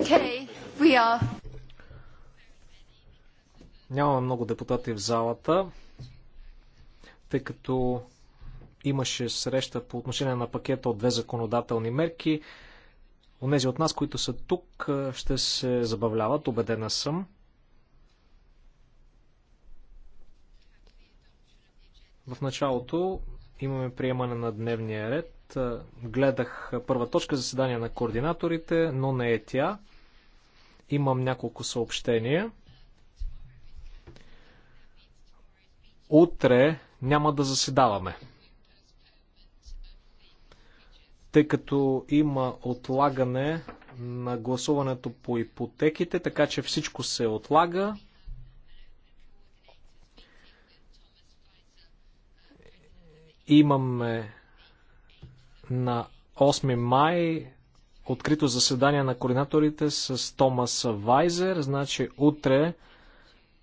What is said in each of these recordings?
Okay, we are. Нямаме много депутати в залата, тъй като имаше среща по отношение на пакета от две законодателни мерки. Онези от нас, които са тук, е, ще се забавляват, убедена съм. В началото имаме приемане на дневния ред. Е, гледах първа точка заседание на координаторите, но не е тя. Имам няколко съобщения. Утре няма да заседаваме. Тъй като има отлагане на гласуването по ипотеките, така че всичко се отлага. Имаме на 8 май открито заседание на координаторите с Томас Вайзер, значи утре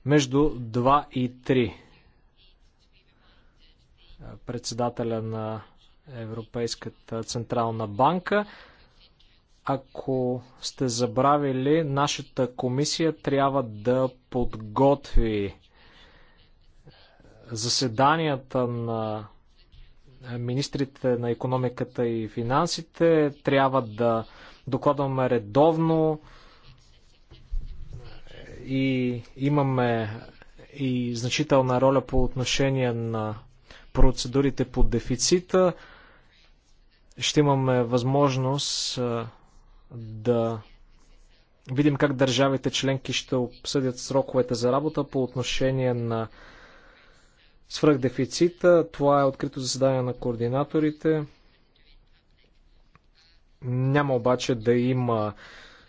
между 2 и 3. Председателя на Европейската Централна банка. Ако сте забравили, нашата комисия трябва да подготви заседанията на министрите на економиката и финансите. Трябва да докладваме редовно и имаме и значителна роля по отношение на процедурите по дефицита. Ще имаме възможност да видим как държавите членки ще обсъдят сроковете за работа по отношение на свръхдефицита. Това е открито заседание на координаторите. Няма обаче да има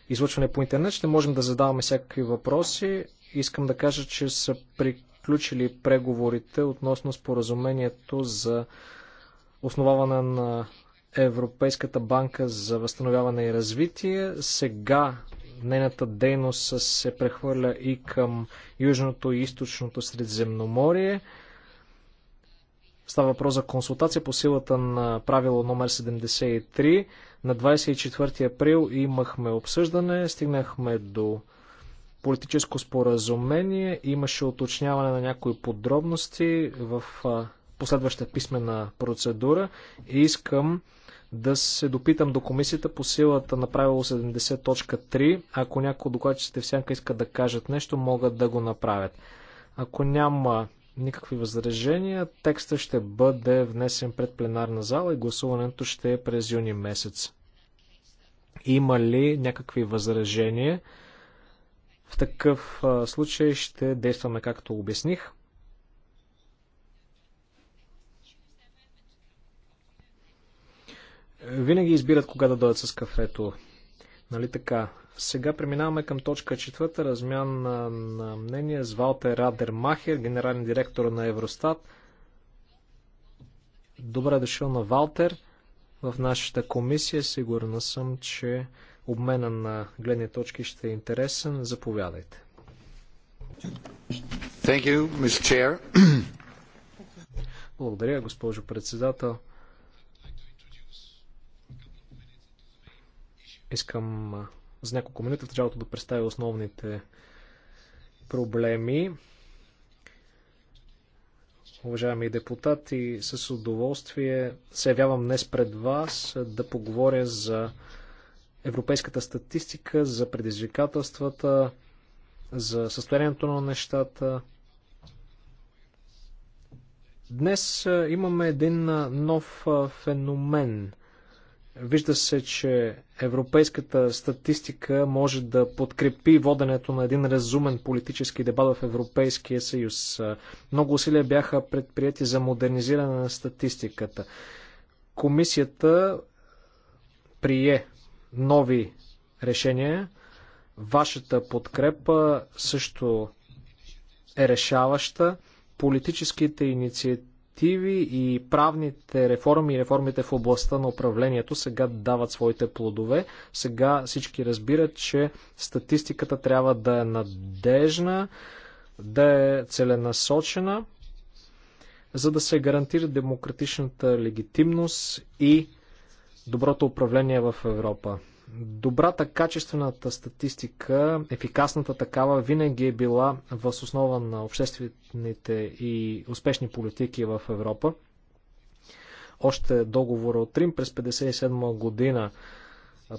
излъчване по интернет. Ще можем да задаваме всякакви въпроси. Искам да кажа, че са приключили преговорите относно споразумението за основаване на Европейската банка за възстановяване и развитие. Сега нейната дейност се прехвърля и към Южното и Източното Средиземноморие. Става въпрос за консултация по силата на правило номер 73. На 24 април имахме обсъждане, стигнахме до политическо споразумение, имаше уточняване на някои подробности в последваща писмена процедура и искам да се допитам до комисията по силата на правило 70.3. Ако някои от докладчиците в сянка искат да кажат нещо, могат да го направят. Ако няма никакви възражения, текста ще бъде внесен пред пленарна зала и гласуването ще е през юни месец. Има ли някакви възражения? В такъв случай ще действаме както обясних. Винаги избират кога да дойдат с кафето. Нали така? Сега преминаваме към точка четвърта, размян на, на мнение с Валтер Радермахер, генерален директор на Евростат. Добре дошъл на Валтер в нашата комисия. Сигурна съм, че обмена на гледни точки ще е интересен. Заповядайте. Thank you, Mr. Chair. Благодаря, госпожо председател. Искам за няколко минути в началото да представя основните проблеми. Уважаеми депутати, с удоволствие се явявам днес пред вас да поговоря за европейската статистика, за предизвикателствата, за състоянието на нещата. Днес имаме един нов феномен Вижда се, че европейската статистика може да подкрепи воденето на един разумен политически дебат в Европейския съюз. Много усилия бяха предприяти за модернизиране на статистиката. Комисията прие нови решения. Вашата подкрепа също е решаваща. Политическите инициативи инициативи и правните реформи и реформите в областта на управлението сега дават своите плодове. Сега всички разбират, че статистиката трябва да е надежна, да е целенасочена, за да се гарантира демократичната легитимност и доброто управление в Европа. Добрата качествената статистика, ефикасната такава, винаги е била възоснова на обществените и успешни политики в Европа. Още договора от Рим през 1957 година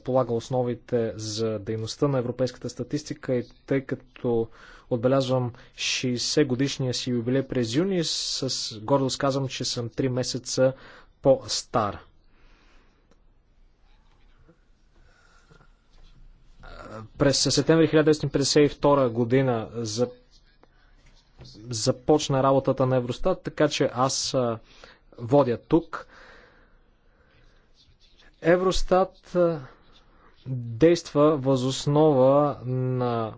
полага основите за дейността на европейската статистика и тъй като отбелязвам 60 годишния си юбилей през юни, с гордост казвам, че съм 3 месеца по-стар. През септември 1952 година за... започна работата на Евростат, така че аз водя тук. Евростат действа възоснова на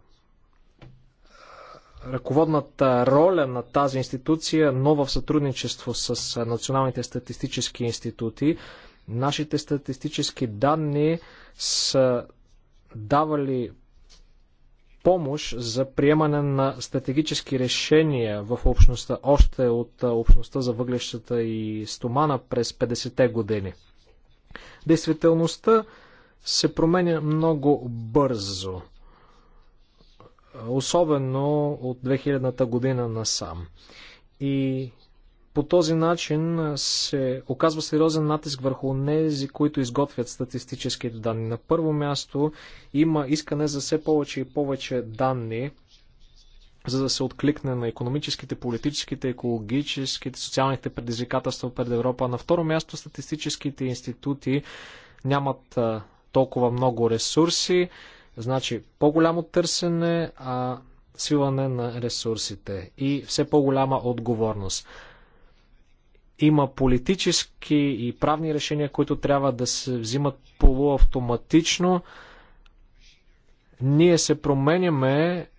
ръководната роля на тази институция, но в сътрудничество с националните статистически институти. Нашите статистически данни са давали помощ за приемане на стратегически решения в общността, още от общността за въглещата и стомана през 50-те години. Действителността се променя много бързо, особено от 2000-та година насам. И по този начин се оказва сериозен натиск върху нези, които изготвят статистическите данни. На първо място има искане за все повече и повече данни, за да се откликне на економическите, политическите, екологическите, социалните предизвикателства пред Европа. На второ място статистическите институти нямат толкова много ресурси, значи по-голямо търсене, а свиване на ресурсите и все по-голяма отговорност. Има политически и правни решения, които трябва да се взимат полуавтоматично. Ние се променяме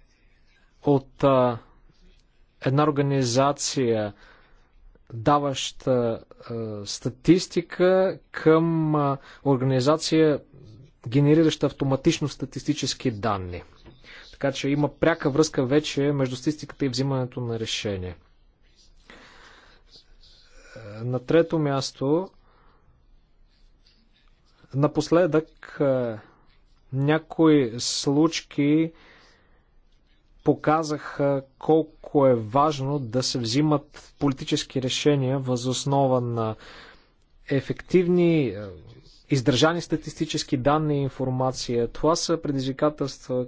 от а, една организация, даваща а, статистика, към а, организация, генерираща автоматично статистически данни. Така че има пряка връзка вече между статистиката и взимането на решение. На трето място, напоследък е, някои случки показаха колко е важно да се взимат политически решения възоснова на ефективни, е, издържани статистически данни и информация. Това са предизвикателства,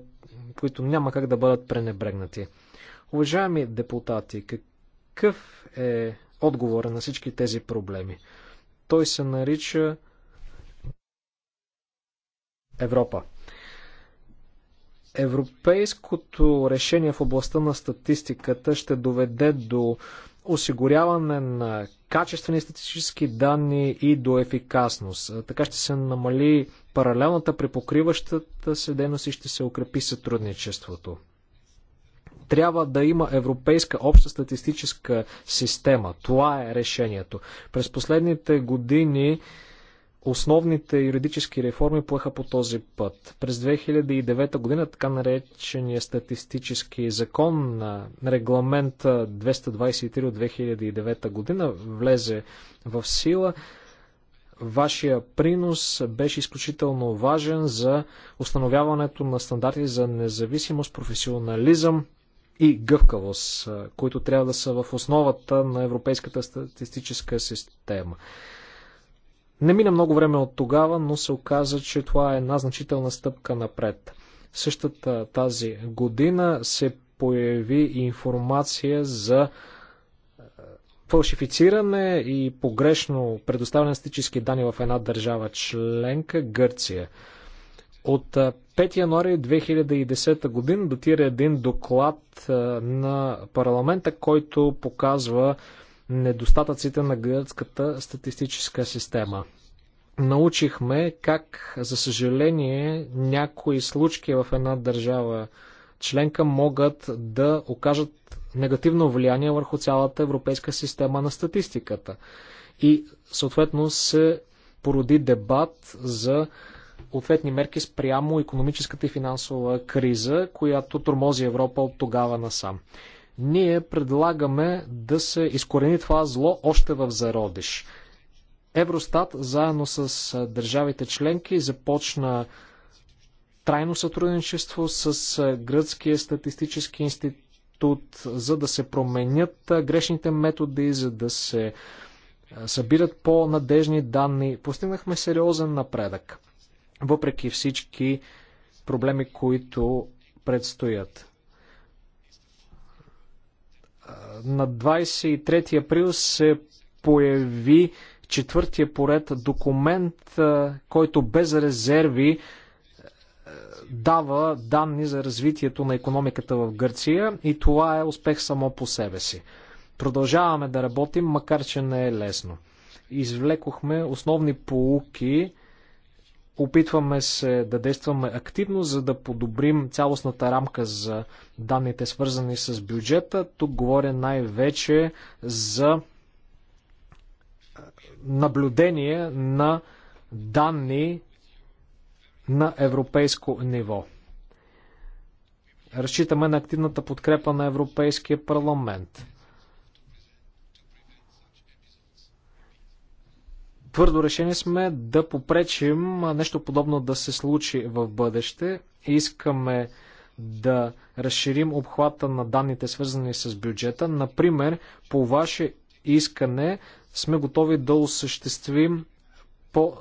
които няма как да бъдат пренебрегнати. Уважаеми депутати, какъв е отговора на всички тези проблеми. Той се нарича Европа. Европейското решение в областта на статистиката ще доведе до осигуряване на качествени статистически данни и до ефикасност. Така ще се намали паралелната припокриващата се дейност и ще се укрепи сътрудничеството. Трябва да има европейска обща статистическа система. Това е решението. През последните години основните юридически реформи поеха по този път. През 2009 година така наречения статистически закон на регламент 223 от 2009 година влезе в сила. Вашия принос беше изключително важен за установяването на стандарти за независимост, професионализъм и гъвкавост, които трябва да са в основата на европейската статистическа система. Не мина много време от тогава, но се оказа, че това е една значителна стъпка напред. Същата тази година се появи информация за фалшифициране и погрешно предоставяне на статистически данни в една държава членка Гърция. От 5 януари 2010 година датира един доклад на парламента, който показва недостатъците на гръцката статистическа система. Научихме как, за съжаление, някои случки в една държава членка могат да окажат негативно влияние върху цялата европейска система на статистиката. И съответно се породи дебат за ответни мерки спрямо економическата и финансова криза, която тормози Европа от тогава насам. Ние предлагаме да се изкорени това зло още в зародиш. Евростат заедно с държавите членки започна трайно сътрудничество с Гръцкия статистически институт, за да се променят грешните методи, за да се събират по-надежни данни. Постигнахме сериозен напредък въпреки всички проблеми, които предстоят. На 23 април се появи четвъртия поред документ, който без резерви дава данни за развитието на економиката в Гърция и това е успех само по себе си. Продължаваме да работим, макар че не е лесно. Извлекохме основни полуки Опитваме се да действаме активно, за да подобрим цялостната рамка за данните, свързани с бюджета. Тук говоря най-вече за наблюдение на данни на европейско ниво. Разчитаме на активната подкрепа на Европейския парламент. Твърдо решени сме да попречим нещо подобно да се случи в бъдеще. Искаме да разширим обхвата на данните, свързани с бюджета. Например, по ваше искане сме готови да осъществим по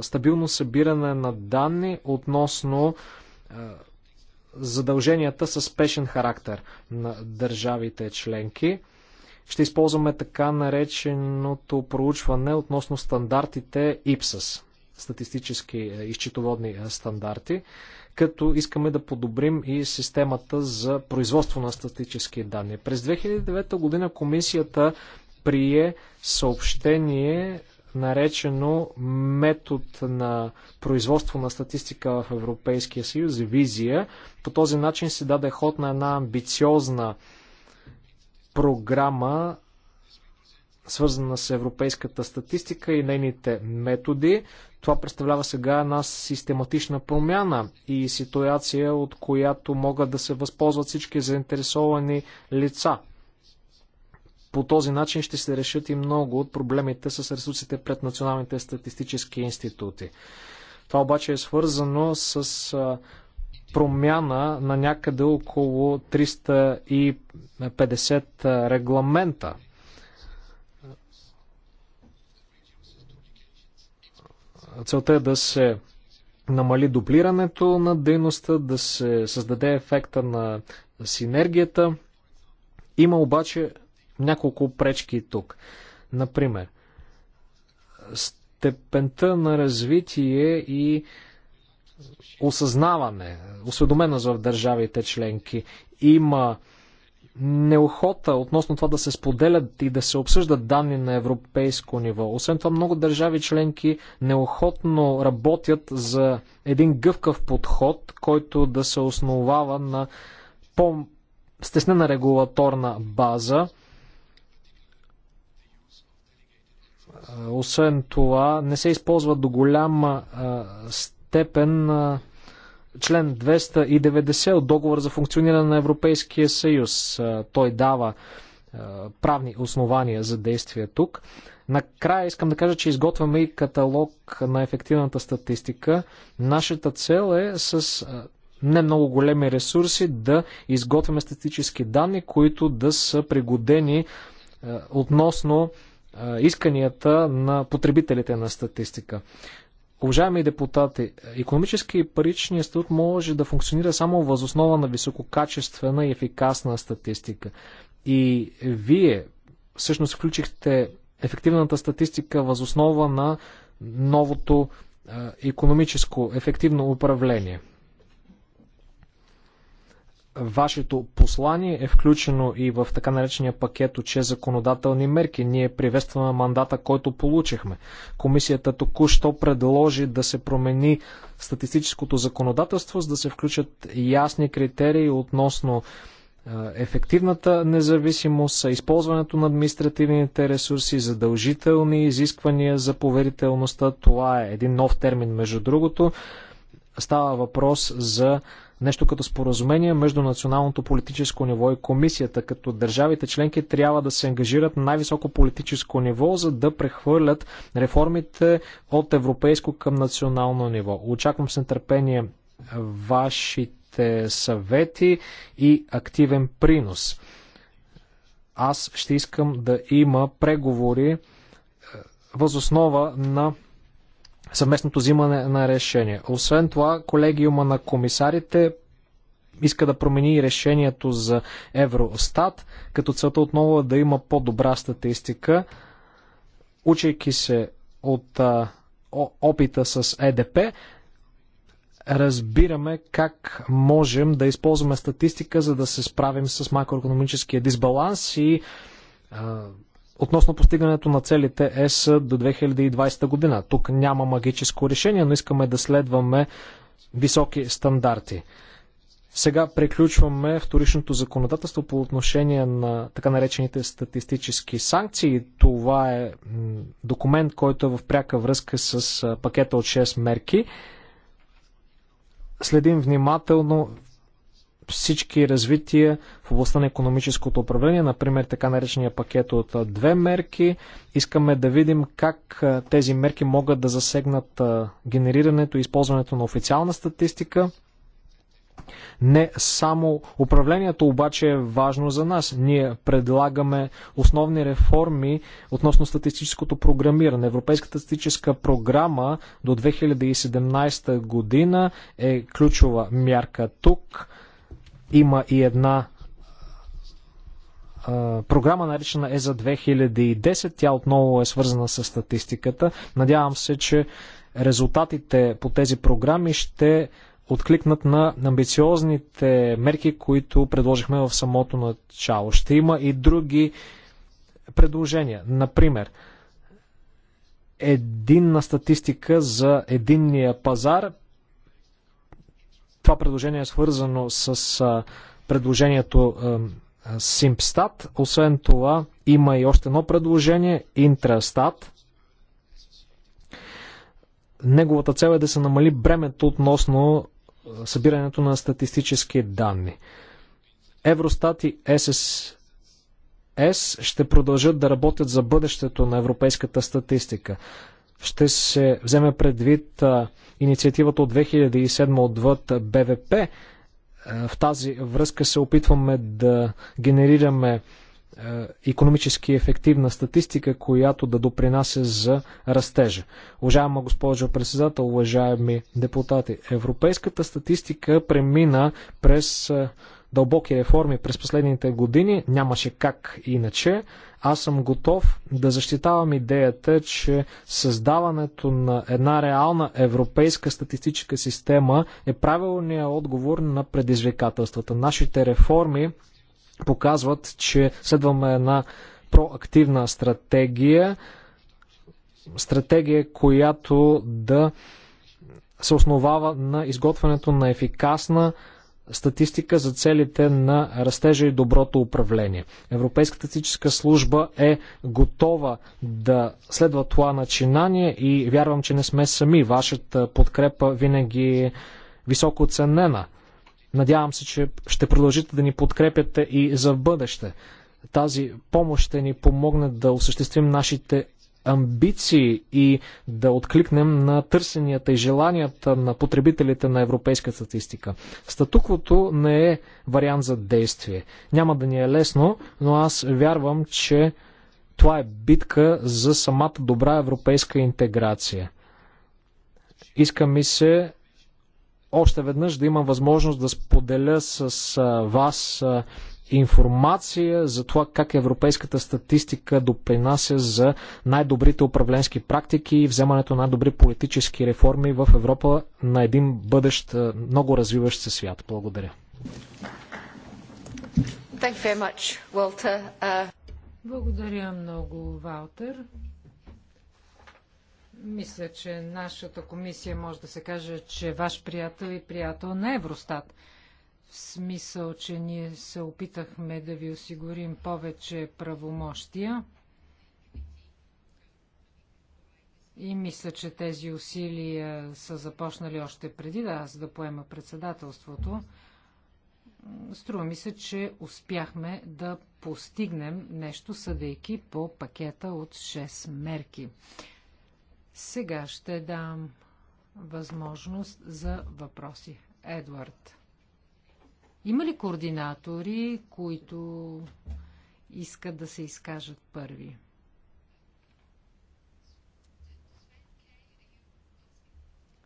стабилно събиране на данни относно е, задълженията с спешен характер на държавите членки ще използваме така нареченото проучване относно стандартите ИПСАС, статистически е, изчетоводни е, стандарти, като искаме да подобрим и системата за производство на статически данни. През 2009 година комисията прие съобщение наречено метод на производство на статистика в Европейския съюз, визия. По този начин се даде ход на една амбициозна програма, свързана с европейската статистика и нейните методи. Това представлява сега една систематична промяна и ситуация, от която могат да се възползват всички заинтересовани лица. По този начин ще се решат и много от проблемите с ресурсите пред националните статистически институти. Това обаче е свързано с промяна на някъде около 350 регламента. Целта е да се намали дублирането на дейността, да се създаде ефекта на синергията. Има обаче няколко пречки тук. Например, степента на развитие и осъзнаване, осведоменост в държавите членки. Има неохота относно това да се споделят и да се обсъждат данни на европейско ниво. Освен това, много държави членки неохотно работят за един гъвкав подход, който да се основава на по-стеснена регулаторна база. Освен това, не се използва до голяма степен степен член 290 от договор за функциониране на Европейския съюз. Той дава правни основания за действия тук. Накрая искам да кажа, че изготвяме и каталог на ефективната статистика. Нашата цел е с не много големи ресурси да изготвяме статистически данни, които да са пригодени относно исканията на потребителите на статистика. Уважаеми депутати, економически и парични институт може да функционира само възоснова на висококачествена и ефикасна статистика. И вие всъщност включихте ефективната статистика възоснова на новото економическо ефективно управление – Вашето послание е включено и в така наречения пакет от 6 законодателни мерки. Ние приветстваме мандата, който получихме. Комисията току-що предложи да се промени статистическото законодателство, за да се включат ясни критерии относно ефективната независимост, използването на административните ресурси, задължителни изисквания за поверителността. Това е един нов термин, между другото. Става въпрос за нещо като споразумение между националното политическо ниво и комисията, като държавите членки трябва да се ангажират на най-високо политическо ниво, за да прехвърлят реформите от европейско към национално ниво. Очаквам с нетърпение вашите съвети и активен принос. Аз ще искам да има преговори е, възоснова на съвместното взимане на решение. Освен това, колегиума на комисарите иска да промени решението за Евростат, като целта отново е да има по-добра статистика, учейки се от а, опита с ЕДП, разбираме как можем да използваме статистика, за да се справим с макроекономическия дисбаланс и а, относно постигането на целите ЕС до 2020 година. Тук няма магическо решение, но искаме да следваме високи стандарти. Сега приключваме вторичното законодателство по отношение на така наречените статистически санкции. Това е документ, който е в пряка връзка с пакета от 6 мерки. Следим внимателно всички развития в областта на економическото управление, например така наречения пакет от две мерки. Искаме да видим как тези мерки могат да засегнат генерирането и използването на официална статистика. Не само управлението обаче е важно за нас. Ние предлагаме основни реформи относно статистическото програмиране. Европейската статистическа програма до 2017 година е ключова мярка тук. Има и една програма, наречена е за 2010. Тя отново е свързана с статистиката. Надявам се, че резултатите по тези програми ще откликнат на амбициозните мерки, които предложихме в самото начало. Ще има и други предложения. Например, единна статистика за единния пазар това предложение е свързано с предложението Симпстат. Освен това, има и още едно предложение Интрастат. Неговата цел е да се намали бремето относно събирането на статистически данни. Евростат и ССС ще продължат да работят за бъдещето на европейската статистика ще се вземе предвид инициативата от 2007 отвъд БВП. В тази връзка се опитваме да генерираме економически ефективна статистика, която да допринася за растежа. Уважаема госпожо председател, уважаеми депутати, европейската статистика премина през дълбоки реформи през последните години, нямаше как иначе. Аз съм готов да защитавам идеята, че създаването на една реална европейска статистическа система е правилният отговор на предизвикателствата. Нашите реформи показват, че следваме една проактивна стратегия, стратегия, която да се основава на изготвянето на ефикасна статистика за целите на растежа и доброто управление. Европейската статистическа служба е готова да следва това начинание и вярвам, че не сме сами. Вашата подкрепа винаги е високо оценена. Надявам се, че ще продължите да ни подкрепяте и за бъдеще. Тази помощ ще ни помогне да осъществим нашите амбиции и да откликнем на търсенията и желанията на потребителите на европейска статистика. Статуквото не е вариант за действие. Няма да ни е лесно, но аз вярвам, че това е битка за самата добра европейска интеграция. Иска ми се още веднъж да имам възможност да споделя с вас информация за това как европейската статистика допринася за най-добрите управленски практики и вземането на добри политически реформи в Европа на един бъдещ много развиващ се свят. Благодаря. Much, uh... Благодаря много, Валтер. Мисля, че нашата комисия може да се каже, че ваш приятел и приятел на Евростат в смисъл, че ние се опитахме да ви осигурим повече правомощия. И мисля, че тези усилия са започнали още преди да аз да поема председателството. Струва ми се, че успяхме да постигнем нещо, съдейки по пакета от 6 мерки. Сега ще дам възможност за въпроси. Едвард. Има ли координатори, които искат да се изкажат първи?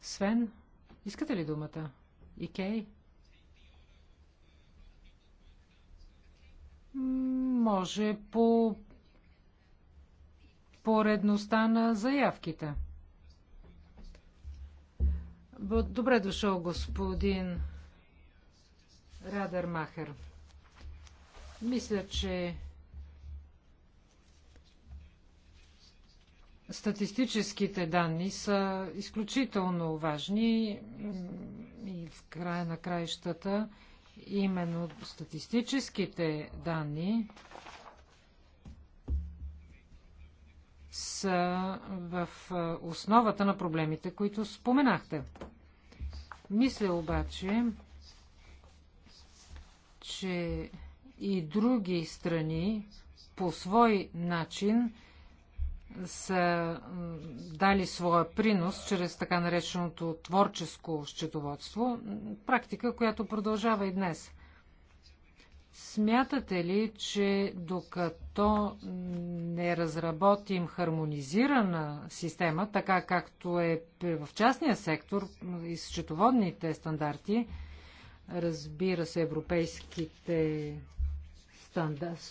Свен, искате ли думата? Икей? Може по поредността на заявките. Добре дошъл, господин Радермахер. Мисля, че статистическите данни са изключително важни и в края на краищата именно статистическите данни са в основата на проблемите, които споменахте. Мисля обаче, че и други страни по свой начин са дали своя принос чрез така нареченото творческо счетоводство, практика, която продължава и днес. Смятате ли, че докато не разработим хармонизирана система, така както е в частния сектор и счетоводните стандарти, разбира се, европейските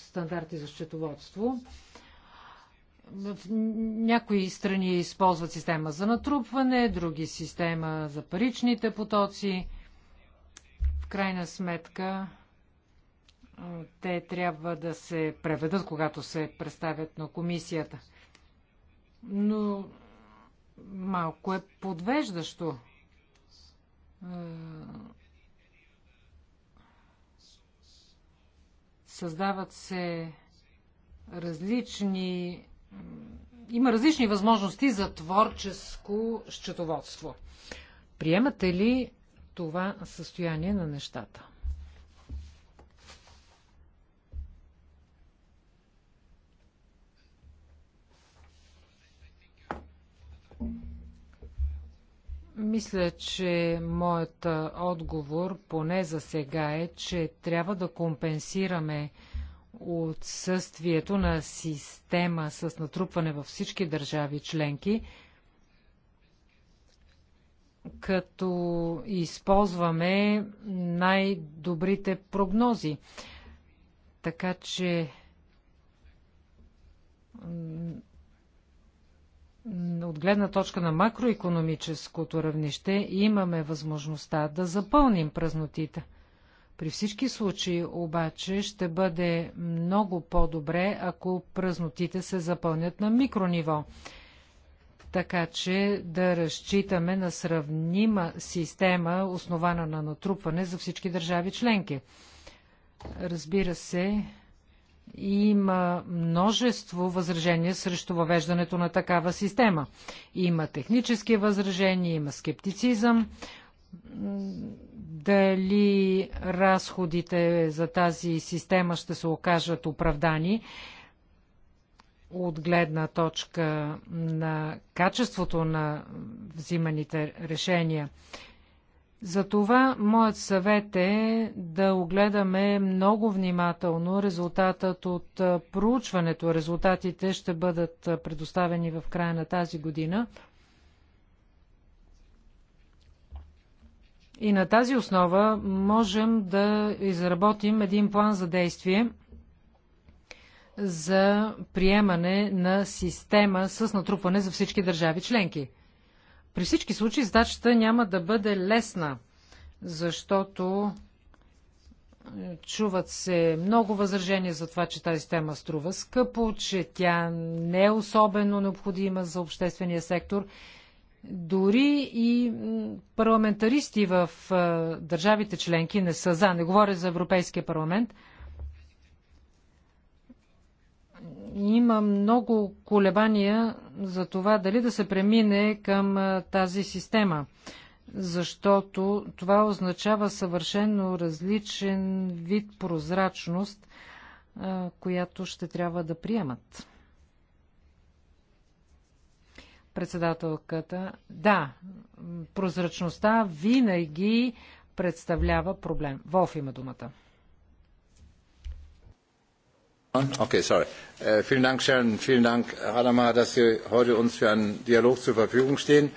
стандарти за счетоводство. В някои страни използват система за натрупване, други система за паричните потоци. В крайна сметка те трябва да се преведат, когато се представят на комисията. Но малко е подвеждащо Създават се различни. Има различни възможности за творческо счетоводство. Приемате ли това състояние на нещата? Мисля, че моят отговор, поне за сега, е, че трябва да компенсираме отсъствието на система с натрупване във всички държави членки, като използваме най-добрите прогнози. Така че от гледна точка на макроекономическото равнище имаме възможността да запълним празнотите. При всички случаи обаче ще бъде много по-добре, ако празнотите се запълнят на микрониво. Така че да разчитаме на сравнима система, основана на натрупване за всички държави членки. Разбира се, има множество възражения срещу въвеждането на такава система. Има технически възражения, има скептицизъм. Дали разходите за тази система ще се окажат оправдани? от гледна точка на качеството на взиманите решения. Затова моят съвет е да огледаме много внимателно резултатът от проучването. Резултатите ще бъдат предоставени в края на тази година. И на тази основа можем да изработим един план за действие за приемане на система с натрупване за всички държави членки. При всички случаи задачата няма да бъде лесна, защото е, чуват се много възражения за това, че тази тема струва скъпо, че тя не е особено необходима за обществения сектор. Дори и парламентаристи в е, държавите членки не са за. Не говоря за Европейския парламент – има много колебания за това дали да се премине към тази система, защото това означава съвършено различен вид прозрачност, която ще трябва да приемат. Председателката, да, прозрачността винаги представлява проблем. Волф има думата. Okay, sorry. Vielen Dank, Sharon. Vielen Dank, Adama, dass Sie heute uns für einen Dialog zur Verfügung stehen.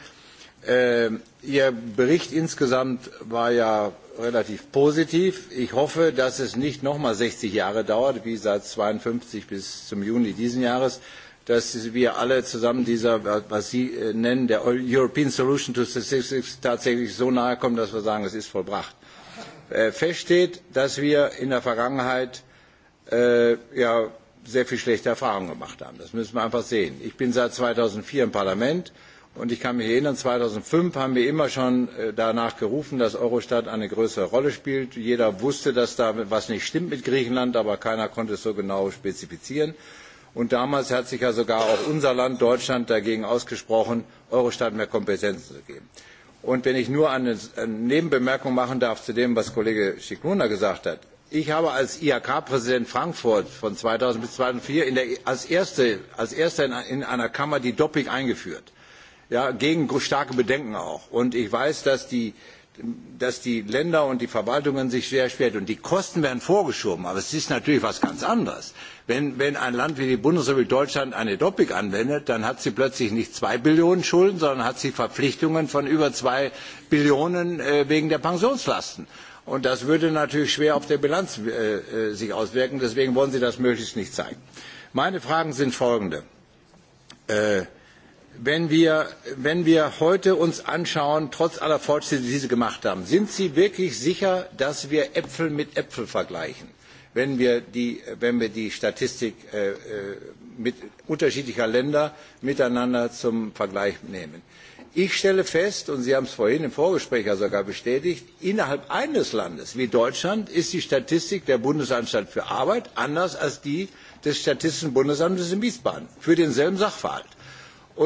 Ihr Bericht insgesamt war ja relativ positiv. Ich hoffe, dass es nicht nochmal sechzig Jahre dauert, wie seit 1952 bis zum Juni diesen Jahres, dass wir alle zusammen dieser, was Sie nennen, der European Solution to Statistics tatsächlich so nahe kommen, dass wir sagen, es ist vollbracht. Fest steht, dass wir in der Vergangenheit sehr viel schlechte Erfahrungen gemacht haben. Das müssen wir einfach sehen. Ich bin seit 2004 im Parlament und ich kann mich erinnern, 2005 haben wir immer schon danach gerufen, dass Eurostat eine größere Rolle spielt. Jeder wusste, dass da etwas nicht stimmt mit Griechenland, aber keiner konnte es so genau spezifizieren. Und damals hat sich ja sogar auch unser Land, Deutschland, dagegen ausgesprochen, Eurostat mehr Kompetenzen zu geben. Und wenn ich nur eine Nebenbemerkung machen darf zu dem, was Kollege Scicluna gesagt hat ich habe als ihk präsident frankfurt von zweitausend bis zweitausendvier als erster in einer kammer die Doping eingeführt gegen starke bedenken auch. ich weiß dass die länder und die verwaltungen sich sehr schwer tun. die kosten werden vorgeschoben aber es ist natürlich etwas ganz anderes. wenn ein land wie die bundesrepublik deutschland eine Doppik anwendet dann hat sie plötzlich nicht zwei billionen schulden sondern hat sie verpflichtungen von über zwei billionen wegen der pensionslasten. Und das würde natürlich schwer auf der Bilanz sich auswirken. Deswegen wollen Sie das möglichst nicht zeigen. Meine Fragen sind folgende. wenn wir, heute uns anschauen, trotz aller Fortschritte, die Sie gemacht haben, sind Sie wirklich sicher, dass wir Äpfel mit Äpfel vergleichen, wenn wir die, Statistik unterschiedlicher Länder miteinander zum Vergleich nehmen? Ich stelle fest, und Sie haben es vorhin im Vorgespräch ja sogar bestätigt, innerhalb eines Landes wie Deutschland ist die Statistik der Bundesanstalt für Arbeit anders als die des Statistischen Bundesamtes in Wiesbaden für denselben Sachverhalt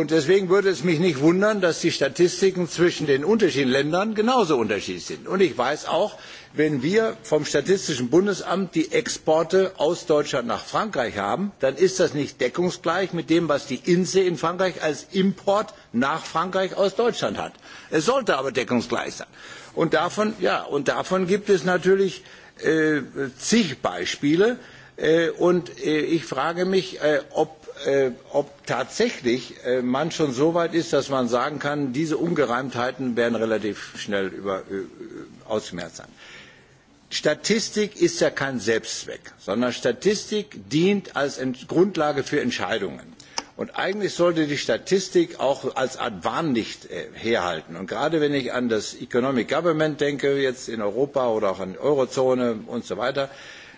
deswegen würde es mich nicht wundern, dass die Statistiken zwischen den unterschiedlichen Ländern genauso unterschiedlich sind. Und ich weiß auch, wenn wir vom Statistischen Bundesamt die Exporte aus Deutschland nach Frankreich haben, dann ist das nicht deckungsgleich mit dem, was die INSE in Frankreich als Import nach Frankreich aus Deutschland hat. Es sollte aber deckungsgleich sein. Und davon, gibt es natürlich zig Beispiele. und ich frage mich, ob ob tatsächlich man schon so weit ist, dass man sagen kann, diese Ungereimtheiten werden relativ schnell ausgemerzt sein. Statistik ist ja kein Selbstzweck, sondern Statistik dient als Grundlage für Entscheidungen. Und eigentlich sollte die Statistik auch als Art Warnlicht herhalten. Und gerade wenn ich an das Economic Government denke, jetzt in Europa oder auch an die Eurozone und so weiter,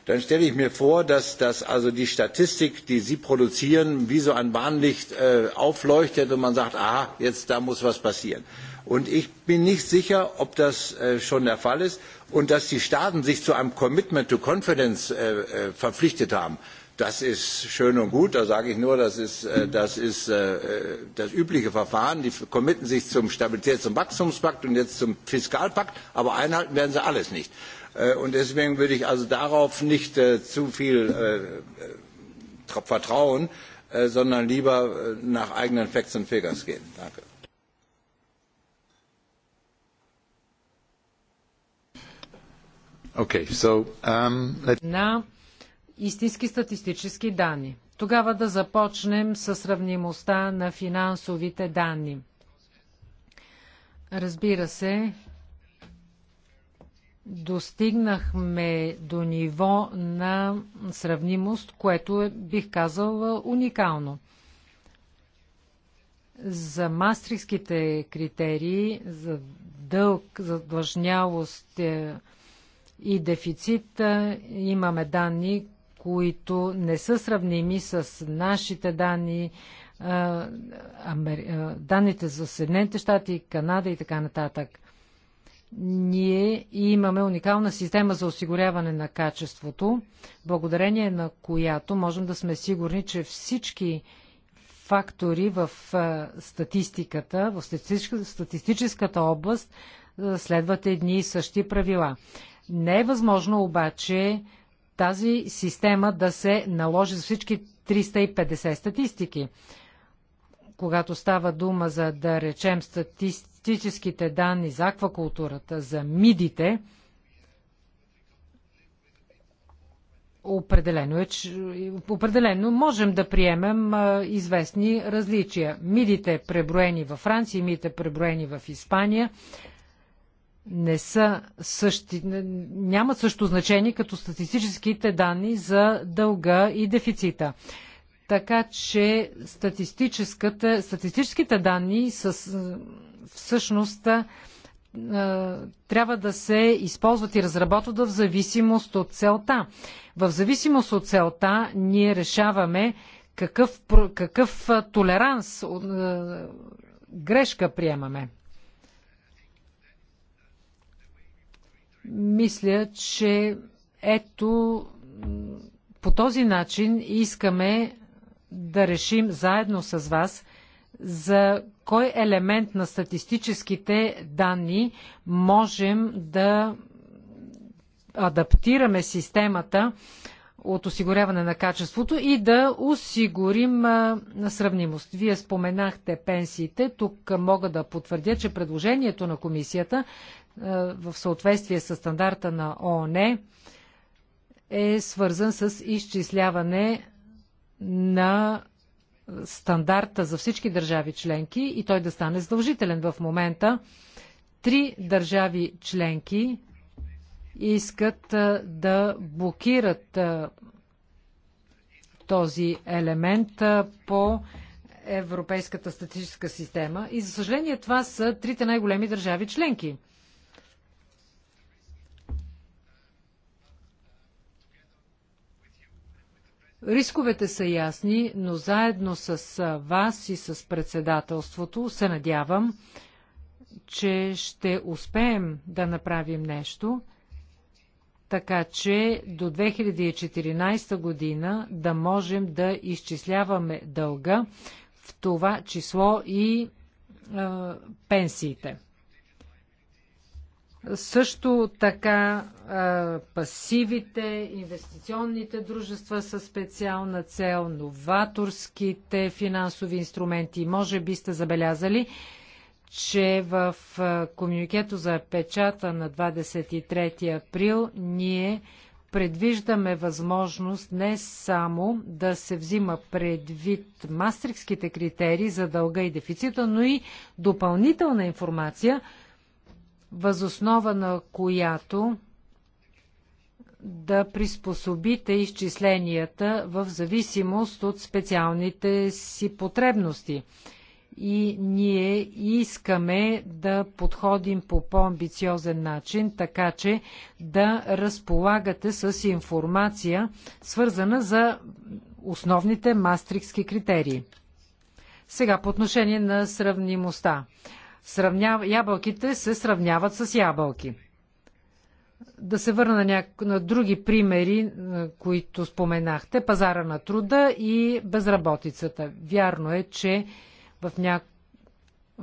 dann stelle ich mir vor, dass also die Statistik, die Sie produzieren, wie so ein Warnlicht aufleuchtet und man sagt, aha, jetzt da muss was passieren. Und ich bin nicht sicher, ob das schon der Fall ist und dass die Staaten sich zu einem Commitment to Confidence verpflichtet haben. Das ist schön und gut, da sage ich nur, das ist, das, übliche Verfahren. Die committen sich zum Stabilitäts- und Wachstumspakt und jetzt zum Fiskalpakt, aber einhalten werden sie alles nicht. Und deswegen würde ich also darauf nicht zu viel vertrauen, sondern lieber nach eigenen Facts and Figures gehen. Danke. Okay, so, um, На истински статистически данни. Тогава да започнем с сравнимостта на финансовите данни. Разбира се, достигнахме до ниво на сравнимост, което е, бих казал, е, уникално. За мастрихските критерии, за дълг, за длъжнявост е, и дефицит е, имаме данни, които не са сравними с нашите данни, данните за Съединените щати, Канада и така нататък ние имаме уникална система за осигуряване на качеството, благодарение на която можем да сме сигурни, че всички фактори в статистиката, в статистическата област следват едни и същи правила. Не е възможно обаче тази система да се наложи за всички 350 статистики. Когато става дума за, да речем, статистика, статистическите данни за аквакултурата, за мидите, Определено, е, че, определено можем да приемем а, известни различия. Мидите преброени във Франция и мидите преброени в Испания не са същи, нямат също значение като статистическите данни за дълга и дефицита. Така че статистическите данни с всъщност трябва да се използват и разработват в зависимост от целта. В зависимост от целта ние решаваме какъв, какъв толеранс грешка приемаме. Мисля, че ето по този начин искаме да решим заедно с вас за кой елемент на статистическите данни можем да адаптираме системата от осигуряване на качеството и да осигурим сравнимост. Вие споменахте пенсиите. Тук мога да потвърдя, че предложението на комисията в съответствие с стандарта на ООН е свързан с изчисляване на стандарта за всички държави членки и той да стане задължителен в момента. Три държави членки искат да блокират този елемент по Европейската статистическа система. И за съжаление това са трите най-големи държави членки – Рисковете са ясни, но заедно с вас и с председателството се надявам, че ще успеем да направим нещо, така че до 2014 година да можем да изчисляваме дълга, в това число и е, пенсиите. Също така пасивите, инвестиционните дружества са специална цел, новаторските финансови инструменти. Може би сте забелязали, че в комюникето за печата на 23 април ние предвиждаме възможност не само да се взима предвид мастрикските критерии за дълга и дефицита, но и допълнителна информация – възоснова на която да приспособите изчисленията в зависимост от специалните си потребности. И ние искаме да подходим по по-амбициозен начин, така че да разполагате с информация, свързана за основните мастрикски критерии. Сега по отношение на сравнимостта сравняв... ябълките се сравняват с ябълки. Да се върна на, няко, на други примери, е, които споменахте. Пазара на труда и безработицата. Вярно е, че в ня... Е,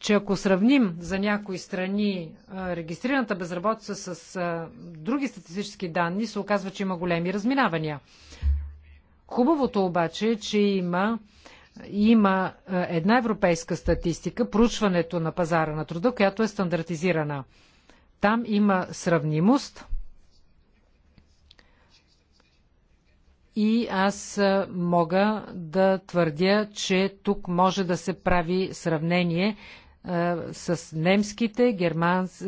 че ако сравним за някои страни е, регистрираната безработица с други статистически данни, се оказва, че има големи разминавания. Хубавото обаче е, че има има е, една европейска статистика, проучването на пазара на труда, която е стандартизирана. Там има сравнимост и аз е, мога да твърдя, че тук може да се прави сравнение е, с немските, германс,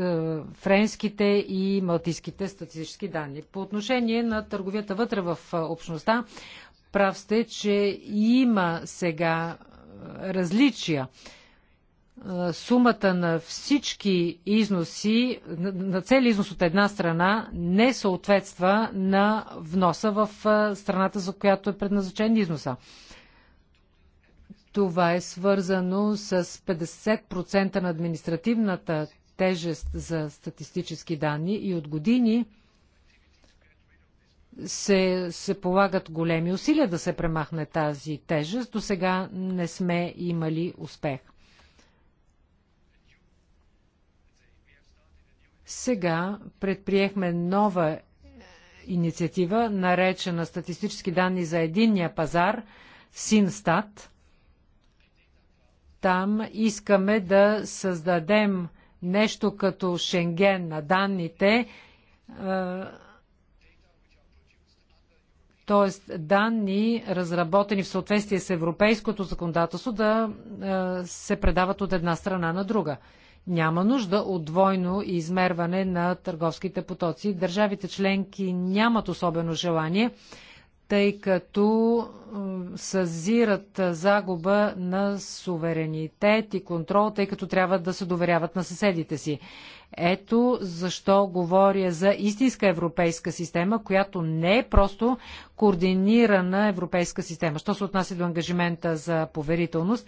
френските и малтийските статистически данни. По отношение на търговията вътре в общността, Прав сте, че има сега различия. Сумата на всички износи, на цели износ от една страна, не съответства на вноса в страната, за която е предназначен износа. Това е свързано с 50% на административната тежест за статистически данни и от години – се, се полагат големи усилия да се премахне тази тежест. До сега не сме имали успех. Сега предприехме нова инициатива, наречена Статистически данни за единния пазар, Синстат. Там искаме да създадем нещо като Шенген на данните, т.е. данни, разработени в съответствие с европейското законодателство, да е, се предават от една страна на друга. Няма нужда от двойно измерване на търговските потоци. Държавите членки нямат особено желание тъй като съзират загуба на суверенитет и контрол, тъй като трябва да се доверяват на съседите си. Ето защо говоря за истинска европейска система, която не е просто координирана европейска система. Що се отнася до ангажимента за поверителност,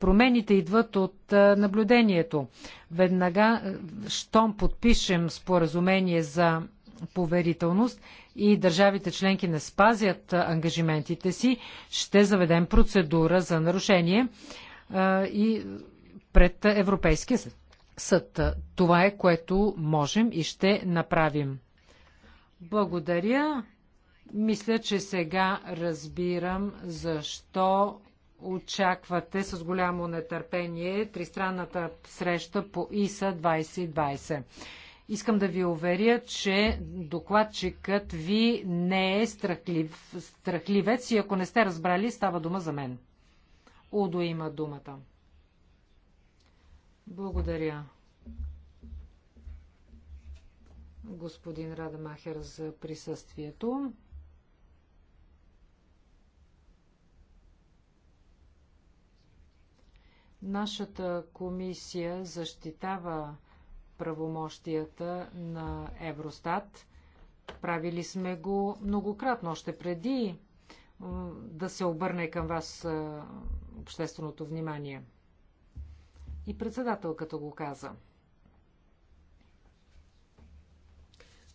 промените идват от наблюдението. Веднага, щом подпишем споразумение за поверителност, и държавите членки не спазят ангажиментите си, ще заведем процедура за нарушение и пред Европейския съд. Това е което можем и ще направим. Благодаря. Мисля, че сега разбирам защо очаквате с голямо нетърпение тристранната среща по ИСА 2020. Искам да ви уверя, че докладчикът ви не е страхлив, страхливец и ако не сте разбрали, става дума за мен. Удо има думата. Благодаря. Господин Радамахер за присъствието. Нашата комисия защитава правомощията на Евростат. Правили сме го многократно, още преди да се обърне към вас общественото внимание. И председателката го каза.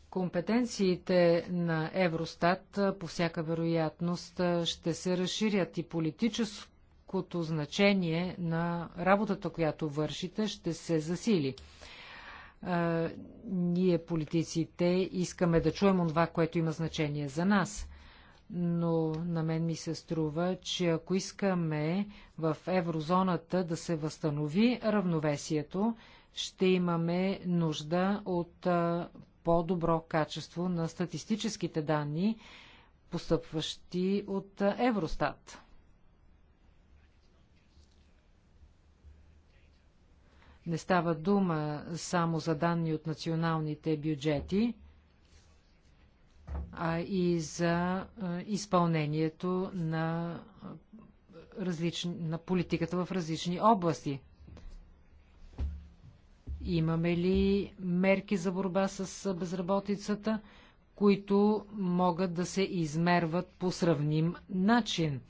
Компетенциите на Евростат по всяка вероятност ще се разширят и политическото значение на работата, която вършите, ще се засили ние, политиците, искаме да чуем това, което има значение за нас. Но на мен ми се струва, че ако искаме в еврозоната да се възстанови равновесието, ще имаме нужда от по-добро качество на статистическите данни, постъпващи от Евростат. Не става дума само за данни от националните бюджети, а и за изпълнението на, различни, на политиката в различни области. Имаме ли мерки за борба с безработицата, които могат да се измерват по сравним начин?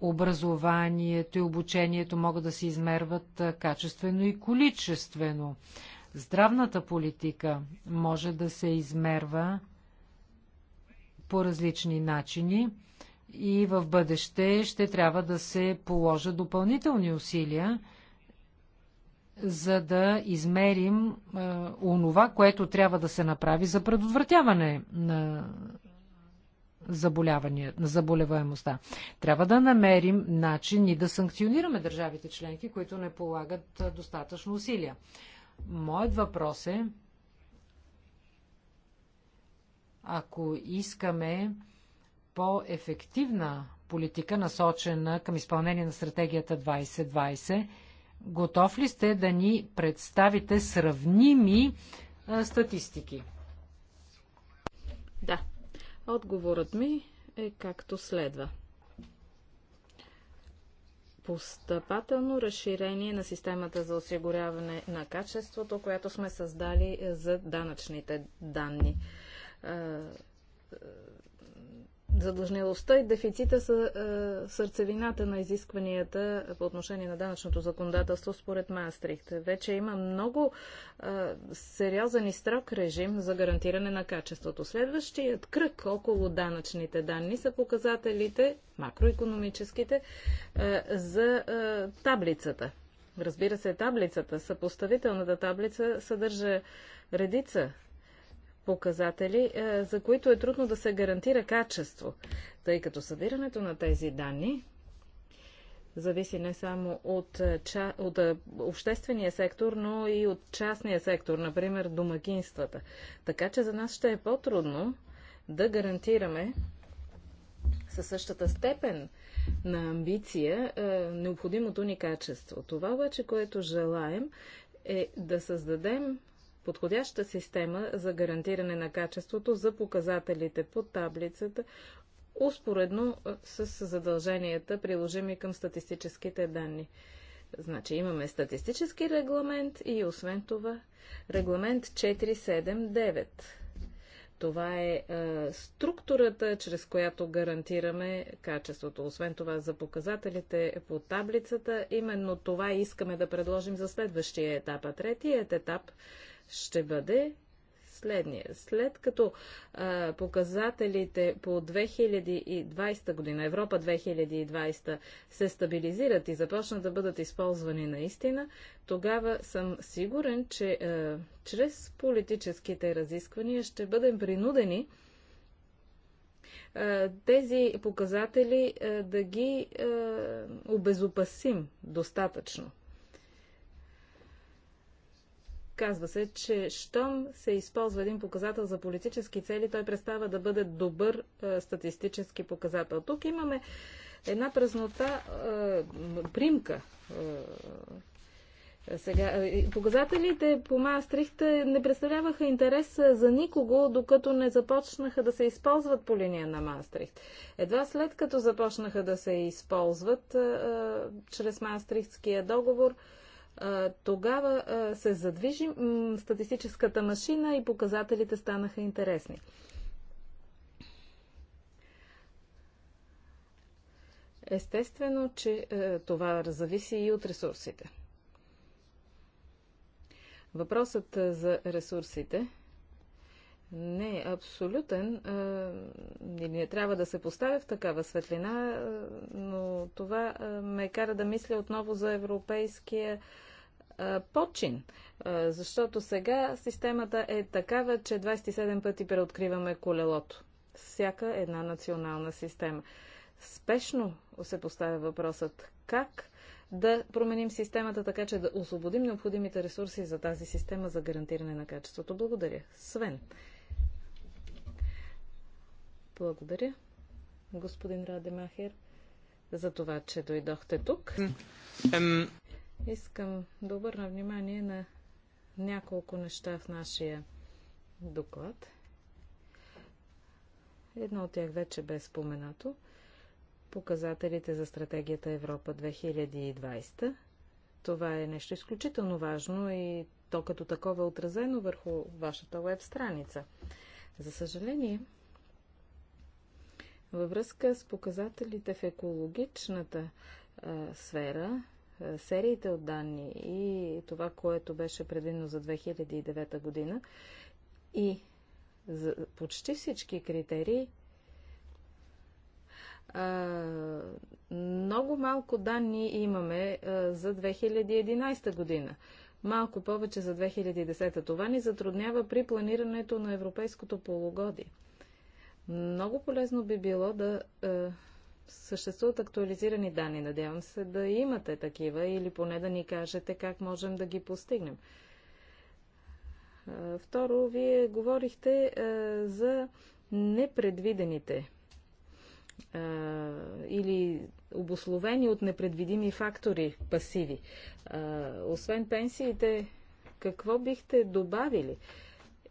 образованието и обучението могат да се измерват качествено и количествено. Здравната политика може да се измерва по различни начини и в бъдеще ще трябва да се положат допълнителни усилия, за да измерим е, онова, което трябва да се направи за предотвратяване на заболявания, на заболеваемостта. Трябва да намерим начин и да санкционираме държавите членки, които не полагат достатъчно усилия. Моят въпрос е, ако искаме по-ефективна политика, насочена към изпълнение на стратегията 2020, готов ли сте да ни представите сравними а, статистики? Да, Отговорът ми е както следва. Постъпателно разширение на системата за осигуряване на качеството, което сме създали за данъчните данни Задлъжнялостта и дефицита са е, сърцевината на изискванията по отношение на данъчното законодателство според Маастрихт. Вече има много е, сериозен и строг режим за гарантиране на качеството. Следващият кръг около данъчните данни са показателите, макроекономическите, е, за е, таблицата. Разбира се, таблицата, съпоставителната таблица съдържа редица показатели, е, за които е трудно да се гарантира качество, тъй като събирането на тези данни зависи не само от, е, от е, обществения сектор, но и от частния сектор, например домакинствата. Така че за нас ще е по-трудно да гарантираме със същата степен на амбиция необходимото ни качество. Това обаче, което желаем, е да създадем подходяща система за гарантиране на качеството за показателите по таблицата, успоредно с задълженията, приложими към статистическите данни. Значи имаме статистически регламент и освен това регламент 479. Това е, е структурата, чрез която гарантираме качеството. Освен това, за показателите по таблицата, именно това искаме да предложим за следващия етап. А третият етап ще бъде следния. След като а, показателите по 2020 година, Европа 2020 се стабилизират и започнат да бъдат използвани наистина, тогава съм сигурен, че а, чрез политическите разисквания ще бъдем принудени тези показатели да ги обезопасим достатъчно Казва се, че щом се използва един показател за политически цели, той представа да бъде добър е, статистически показател. Тук имаме една празнота, е, примка. Е, сега, е, показателите по Маастрихта е, не представляваха интерес е, за никого, докато не започнаха да се използват по линия на Маастрихт. Едва след като започнаха да се използват чрез Маастрихтския договор, тогава се задвижи статистическата машина и показателите станаха интересни. Естествено, че е, това зависи и от ресурсите. Въпросът е, за ресурсите – не е абсолютен или не трябва да се поставя в такава светлина, но това ме кара да мисля отново за европейския почин, защото сега системата е такава, че 27 пъти преоткриваме колелото. Всяка една национална система. Спешно се поставя въпросът как да променим системата така, че да освободим необходимите ресурси за тази система за гарантиране на качеството. Благодаря. Свен. Благодаря, господин Радемахер, за това, че дойдохте тук. Искам да обърна внимание на няколко неща в нашия доклад. Едно от тях вече бе споменато. Показателите за стратегията Европа 2020. Това е нещо изключително важно и то като такова е отразено върху вашата веб страница. За съжаление, във връзка с показателите в екологичната а, сфера, а, сериите от данни и това, което беше предвидено за 2009 година и за почти всички критерии, а, много малко данни имаме а, за 2011 година. Малко повече за 2010. Това ни затруднява при планирането на европейското полугодие. Много полезно би било да е, съществуват актуализирани данни. Надявам се да имате такива или поне да ни кажете как можем да ги постигнем. Е, второ, вие говорихте е, за непредвидените е, или обословени от непредвидими фактори пасиви. Е, освен пенсиите, какво бихте добавили?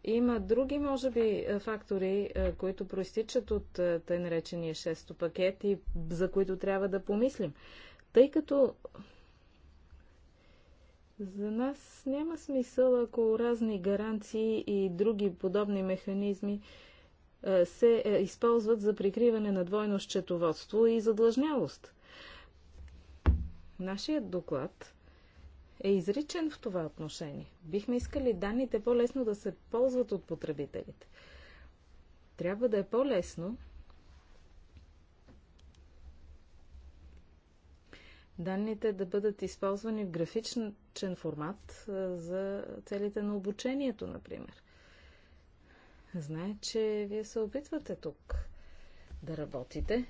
Има други, може би, е, фактори, е, които проистичат от е, тъй наречения шесто пакет и за които трябва да помислим. Тъй като за нас няма смисъл, ако разни гаранции и други подобни механизми се използват за прикриване на двойно счетоводство и задлъжнялост. Нашият доклад е изричен в това отношение. Бихме искали данните по-лесно да се ползват от потребителите. Трябва да е по-лесно данните да бъдат използвани в графичен формат за целите на обучението, например. Знае, че вие се опитвате тук да работите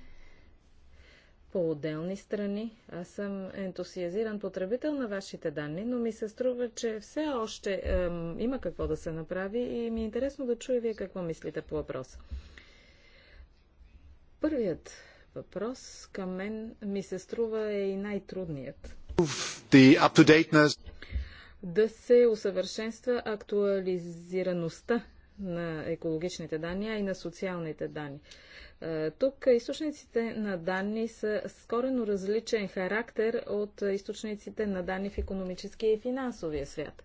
по отделни страни. Аз съм ентусиазиран потребител на вашите данни, но ми се струва, че все още е, има какво да се направи и ми е интересно да чуя вие какво мислите по въпроса. Първият въпрос към мен ми се струва е и най-трудният. Да се усъвършенства актуализираността на екологичните данни, а и на социалните данни. Тук източниците на данни са с корено различен характер от източниците на данни в економическия и финансовия свят.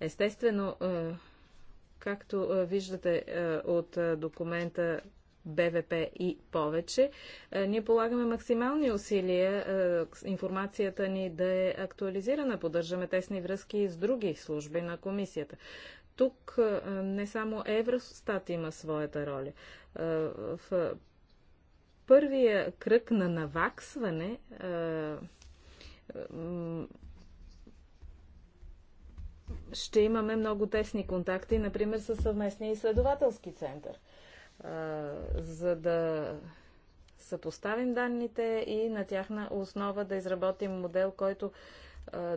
Естествено, е, както е, виждате е, от документа БВП и повече, ние полагаме максимални усилия информацията ни да е актуализирана. Поддържаме тесни връзки с други служби на комисията тук не само Евростат има своята роля. В първия кръг на наваксване ще имаме много тесни контакти, например с съвместния изследователски център, за да съпоставим данните и на тяхна основа да изработим модел, който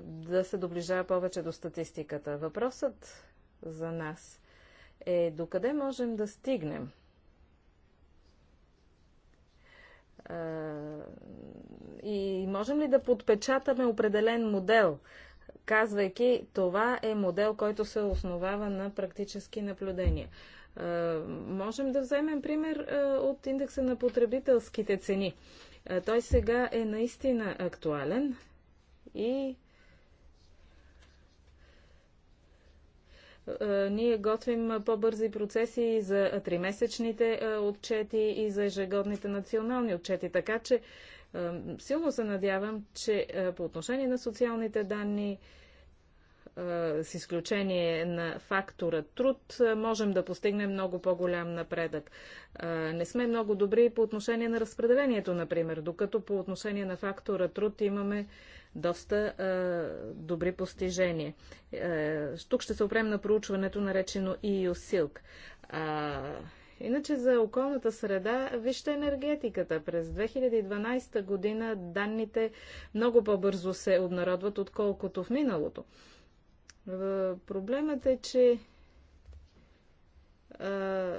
да се доближава повече до статистиката. Въпросът за нас е докъде можем да стигнем. И можем ли да подпечатаме определен модел, казвайки това е модел, който се основава на практически наблюдения. Можем да вземем пример от индекса на потребителските цени. Той сега е наистина актуален и Е, ние готвим по-бързи процеси и за тримесечните е, отчети и за ежегодните национални отчети, така че е, силно се надявам, че по отношение на социалните данни, с изключение на фактора труд, можем да постигнем много по-голям напредък. Не сме много добри по отношение на разпределението, например, докато по отношение на фактора труд имаме доста а, добри постижения. А, тук ще се опрем на проучването, наречено EU Silk. А, Иначе за околната среда, вижте енергетиката. През 2012 година данните много по-бързо се обнародват, отколкото в миналото. Проблемът е, че а,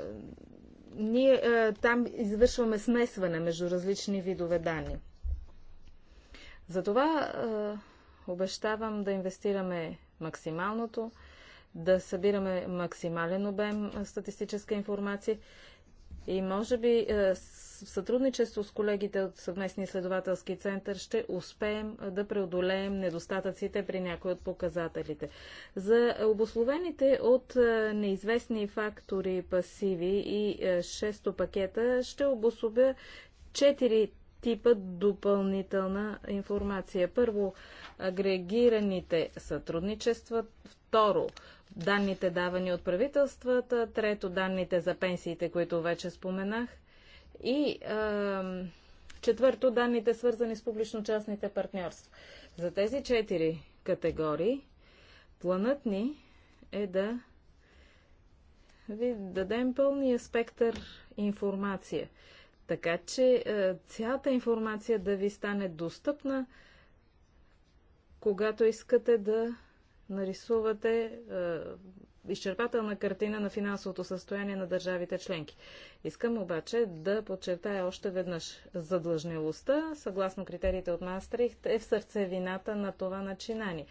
ние а, там извършваме смесване между различни видове данни. Затова е, обещавам да инвестираме максималното, да събираме максимален обем статистическа информация и може би е, в сътрудничество с колегите от съвместния изследователски център ще успеем да преодолеем недостатъците при някои от показателите. За обословените от неизвестни фактори пасиви и 6 пакета ще обособя 4 типа допълнителна информация. Първо, агрегираните сътрудничества. Второ, данните давани от правителствата. Трето, данните за пенсиите, които вече споменах. И а, четвърто, данните свързани с публично-частните партньорства. За тези четири категории планът ни е да ви дадем пълния спектър информация – така че е, цялата информация да ви стане достъпна, когато искате да нарисувате е, изчерпателна картина на финансовото състояние на държавите членки. Искам обаче да подчертая още веднъж задлъжнилостта, съгласно критериите от Мастрихт, е в сърцевината на това начинание.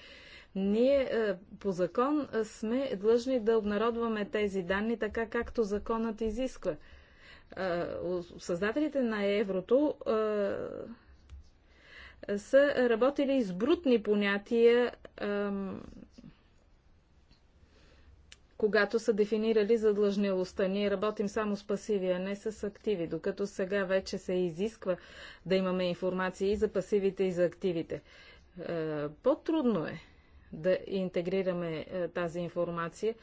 Ние е, по закон сме длъжни да обнародваме тези данни така, както законът изисква създателите на еврото са работили с брутни понятия, когато са дефинирали задлъжнилостта. Ние работим само с пасиви, а не с активи, докато сега вече се изисква да имаме информация и за пасивите, и за активите. По-трудно е да интегрираме тази информация,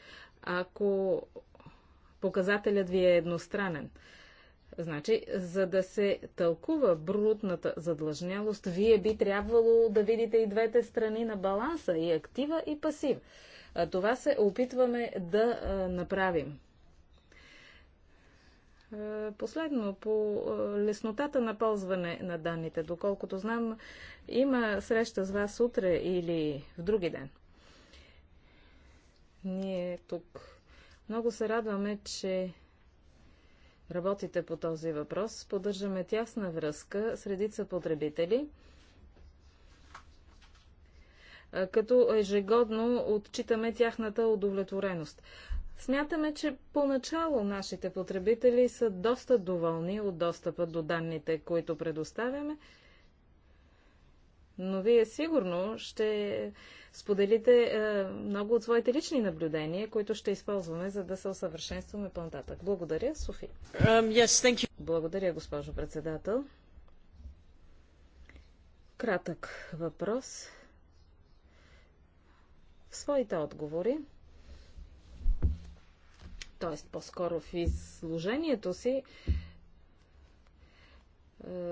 ако показателят ви е едностранен. Значи, за да се тълкува брутната задлъжнялост, вие би трябвало да видите и двете страни на баланса, и актива, и пасив. Това се опитваме да направим. Последно, по леснотата на ползване на данните. Доколкото знам, има среща с вас утре или в други ден. Ние тук много се радваме, че работите по този въпрос. Поддържаме тясна връзка с редица потребители, като ежегодно отчитаме тяхната удовлетвореност. Смятаме, че поначало нашите потребители са доста доволни от достъпа до данните, които предоставяме, но вие сигурно ще споделите е, много от своите лични наблюдения, които ще използваме, за да се усъвършенстваме по-нататък. Благодаря, Софи. Um, yes, thank you. Благодаря, госпожо председател. Кратък въпрос. В своите отговори, т.е. по-скоро в изложението си,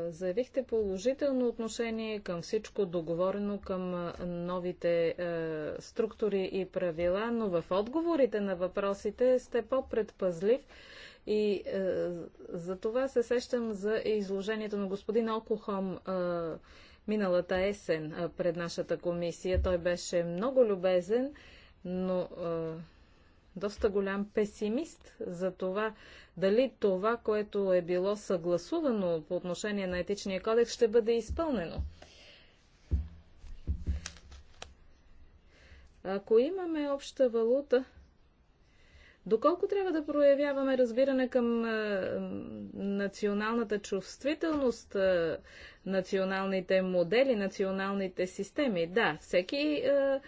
заявихте положително отношение към всичко договорено към новите структури и правила, но в отговорите на въпросите сте по-предпазлив и е, за това се сещам за изложението на господин Окохом е, миналата есен пред нашата комисия. Той беше много любезен, но доста голям песимист за това дали това, което е било съгласувано по отношение на етичния кодекс, ще бъде изпълнено. Ако имаме обща валута, Доколко трябва да проявяваме разбиране към е, националната чувствителност, е, националните модели, националните системи? Да, всеки е,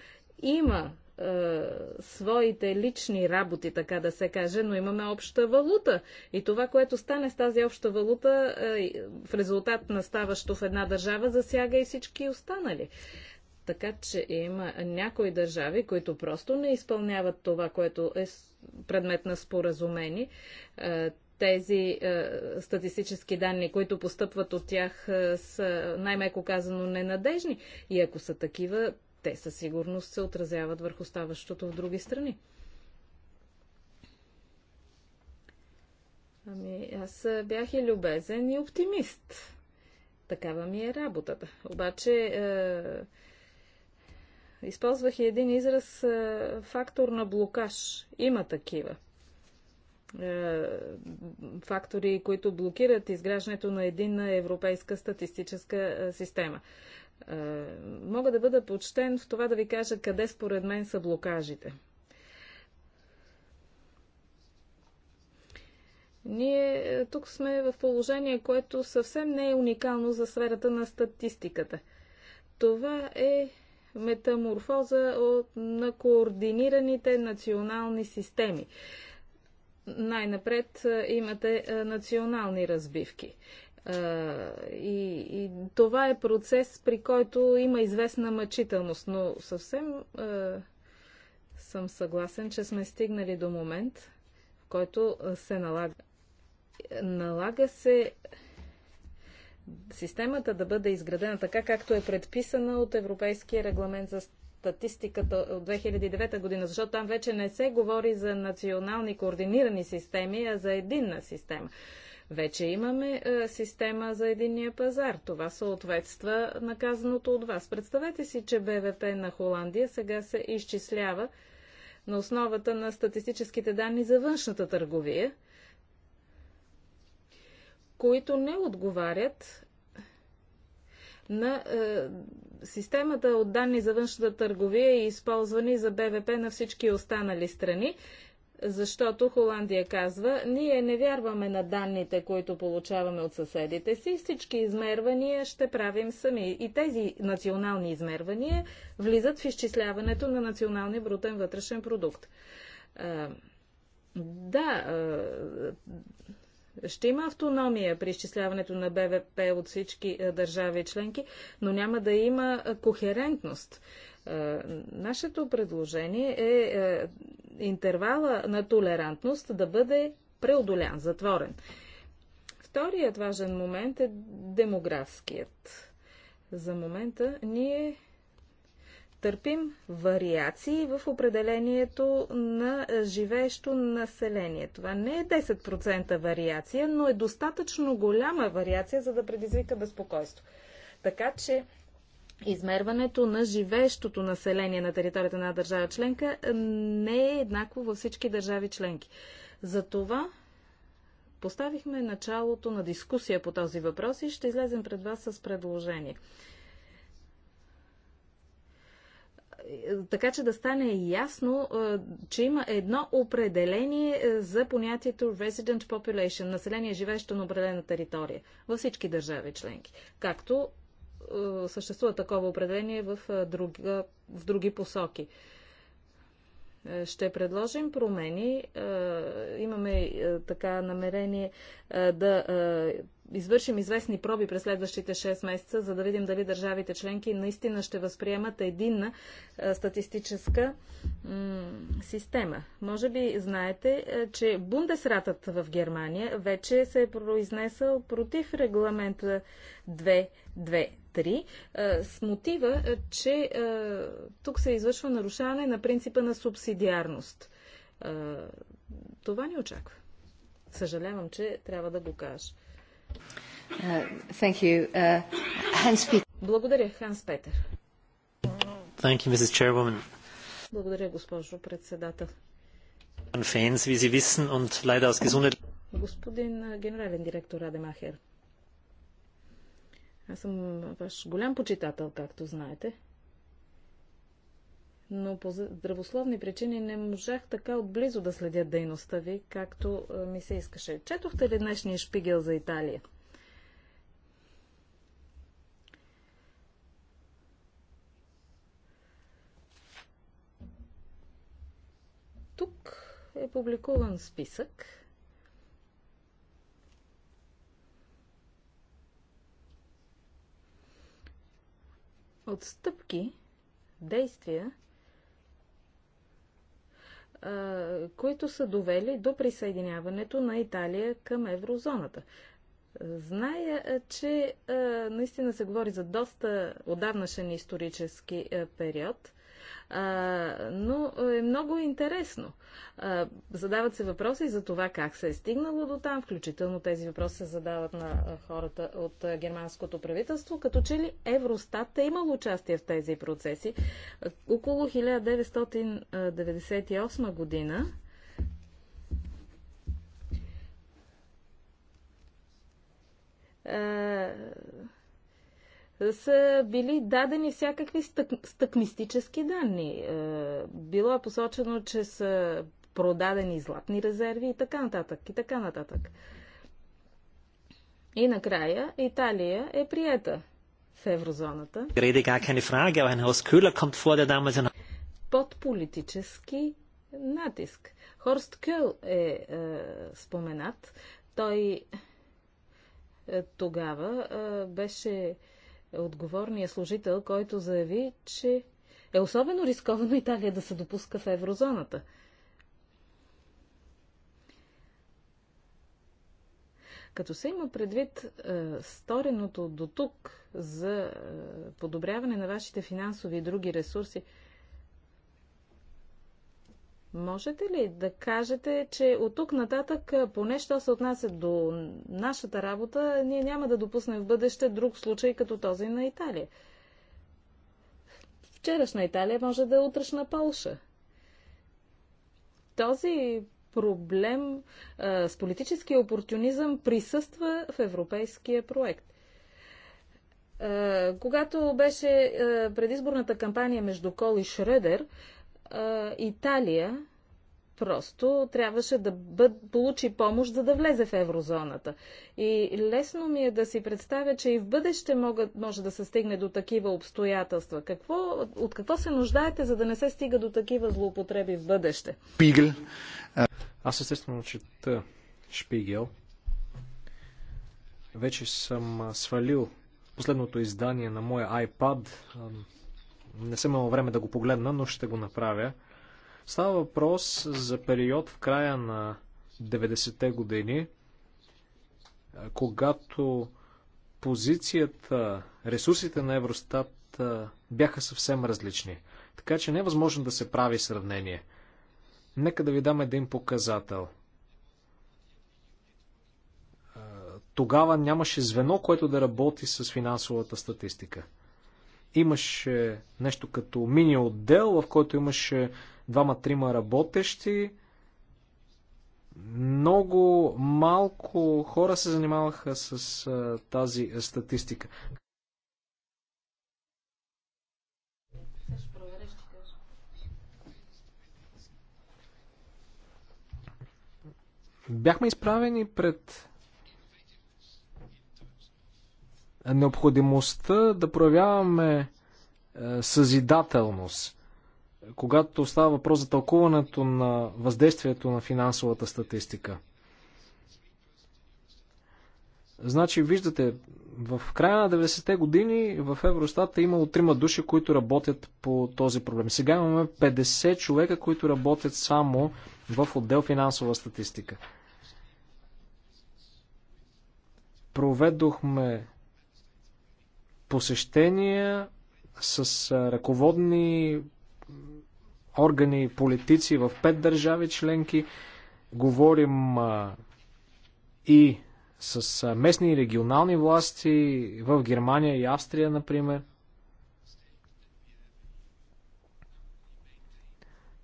има е, своите лични работи, така да се каже, но имаме обща валута. И това, което стане с тази обща валута е, в резултат на ставащо в една държава, засяга и всички останали. Така че има някои държави, които просто не изпълняват това, което е предмет на споразумение. Е, тези е, статистически данни, които постъпват от тях, е, са най-меко казано ненадежни. И ако са такива, те със сигурност се отразяват върху ставащото в други страни. Ами, аз бях и любезен, и оптимист. Такава ми е работата. Обаче, е, използвах и един израз е, фактор на блокаж. Има такива е, фактори, които блокират изграждането на единна европейска статистическа система. Е, мога да бъда почтен в това да ви кажа къде според мен са блокажите. Ние е, тук сме в положение, което съвсем не е уникално за сферата на статистиката. Това е метаморфоза от, на координираните национални системи. Най-напред е, имате национални разбивки. И, и това е процес, при който има известна мъчителност, но съвсем е, съм съгласен, че сме стигнали до момент, в който се налага. Налага се системата да бъде изградена така, както е предписана от Европейския регламент за статистиката от 2009 година, защото там вече не се говори за национални координирани системи, а за единна система. Вече имаме е, система за единния пазар. Това съответства наказаното от вас. Представете си, че БВП на Холандия сега се изчислява на основата на статистическите данни за външната търговия, които не отговарят на е, системата от данни за външната търговия и използвани за БВП на всички останали страни защото Холандия казва, ние не вярваме на данните, които получаваме от съседите си, всички измервания ще правим сами. И тези национални измервания влизат в изчисляването на националния брутен вътрешен продукт. А, да, ще има автономия при изчисляването на БВП от всички държави и членки, но няма да има кохерентност. Нашето предложение е интервала на толерантност да бъде преодолян, затворен. Вторият важен момент е демографският. За момента ние търпим вариации в определението на живеещо население. Това не е 10% вариация, но е достатъчно голяма вариация, за да предизвика безпокойство. Така че измерването на живеещото население на територията на държава членка е, не е еднакво във всички държави членки. Затова поставихме началото на дискусия по този въпрос и ще излезем пред вас с предложение. Така че да стане ясно, е, че има едно определение е, за понятието resident population, население живеещо на определена територия във всички държави членки, както е, съществува такова определение в, е, други, е, в други посоки. Ще предложим промени. Имаме така намерение да извършим известни проби през следващите 6 месеца, за да видим дали държавите членки наистина ще възприемат единна статистическа система. Може би знаете, че Бундесратът в Германия вече се е произнесъл против регламент 3 е, с мотива, е, че е, тук се извършва нарушаване на принципа на субсидиарност. Това ни очаква. Съжалявам, че трябва да го кажа. Uh, uh, Благодаря, Ханс Петер. You, Благодаря, госпожо председател. Господин генерален директор Радемахер, аз съм ваш голям почитател, както знаете. Но по здравословни причини не можах така отблизо да следя дейността ви, както ми се искаше. Четохте ли днешния шпигел за Италия? Тук е публикуван списък отстъпки, действия, които са довели до присъединяването на Италия към еврозоната. Зная, че наистина се говори за доста отдавнашен исторически период – но е много интересно. Задават се въпроси за това как се е стигнало до там, включително тези въпроси се задават на хората от германското правителство, като че ли Евростат е имал участие в тези процеси. Около 1998 година са били дадени всякакви стък, стъкмистически данни. Е, било е посочено, че са продадени златни резерви и така нататък, и така нататък. И накрая Италия е приета в еврозоната. Под политически натиск. Хорст Кюл е, е споменат. Той е, тогава е, беше Отговорният служител, който заяви, че е особено рисковано Италия да се допуска в еврозоната. Като се има предвид е, стореното до тук за е, подобряване на вашите финансови и други ресурси, Можете ли да кажете, че от тук нататък, поне що се отнася до нашата работа, ние няма да допуснем в бъдеще друг случай като този на Италия? Вчерашна Италия може да е утрешна Полша. Този проблем а, с политическия опортунизъм присъства в европейския проект. А, когато беше а, предизборната кампания между Кол и Шредер, Италия просто трябваше да бъд, получи помощ, за да влезе в еврозоната. И лесно ми е да си представя, че и в бъдеще могат, може да се стигне до такива обстоятелства. Какво, от какво се нуждаете, за да не се стига до такива злоупотреби в бъдеще? Пигъл. Аз естествено чета Шпигел. Вече съм свалил последното издание на моя iPad. Не съм имал време да го погледна, но ще го направя. Става въпрос за период в края на 90-те години, когато позицията, ресурсите на Евростат бяха съвсем различни. Така че не е възможно да се прави сравнение. Нека да ви дам един показател. Тогава нямаше звено, което да работи с финансовата статистика. Имаше нещо като мини отдел, в който имаше двама-трима работещи. Много малко хора се занимаваха с а, тази статистика. Бяхме изправени пред необходимостта да проявяваме е, съзидателност, когато става въпрос за тълкуването на въздействието на финансовата статистика. Значи, виждате, в края на 90-те години в Евростата е имало трима души, които работят по този проблем. Сега имаме 50 човека, които работят само в отдел финансова статистика. Проведохме посещения с ръководни органи и политици в пет държави членки. Говорим и с местни и регионални власти в Германия и Австрия, например.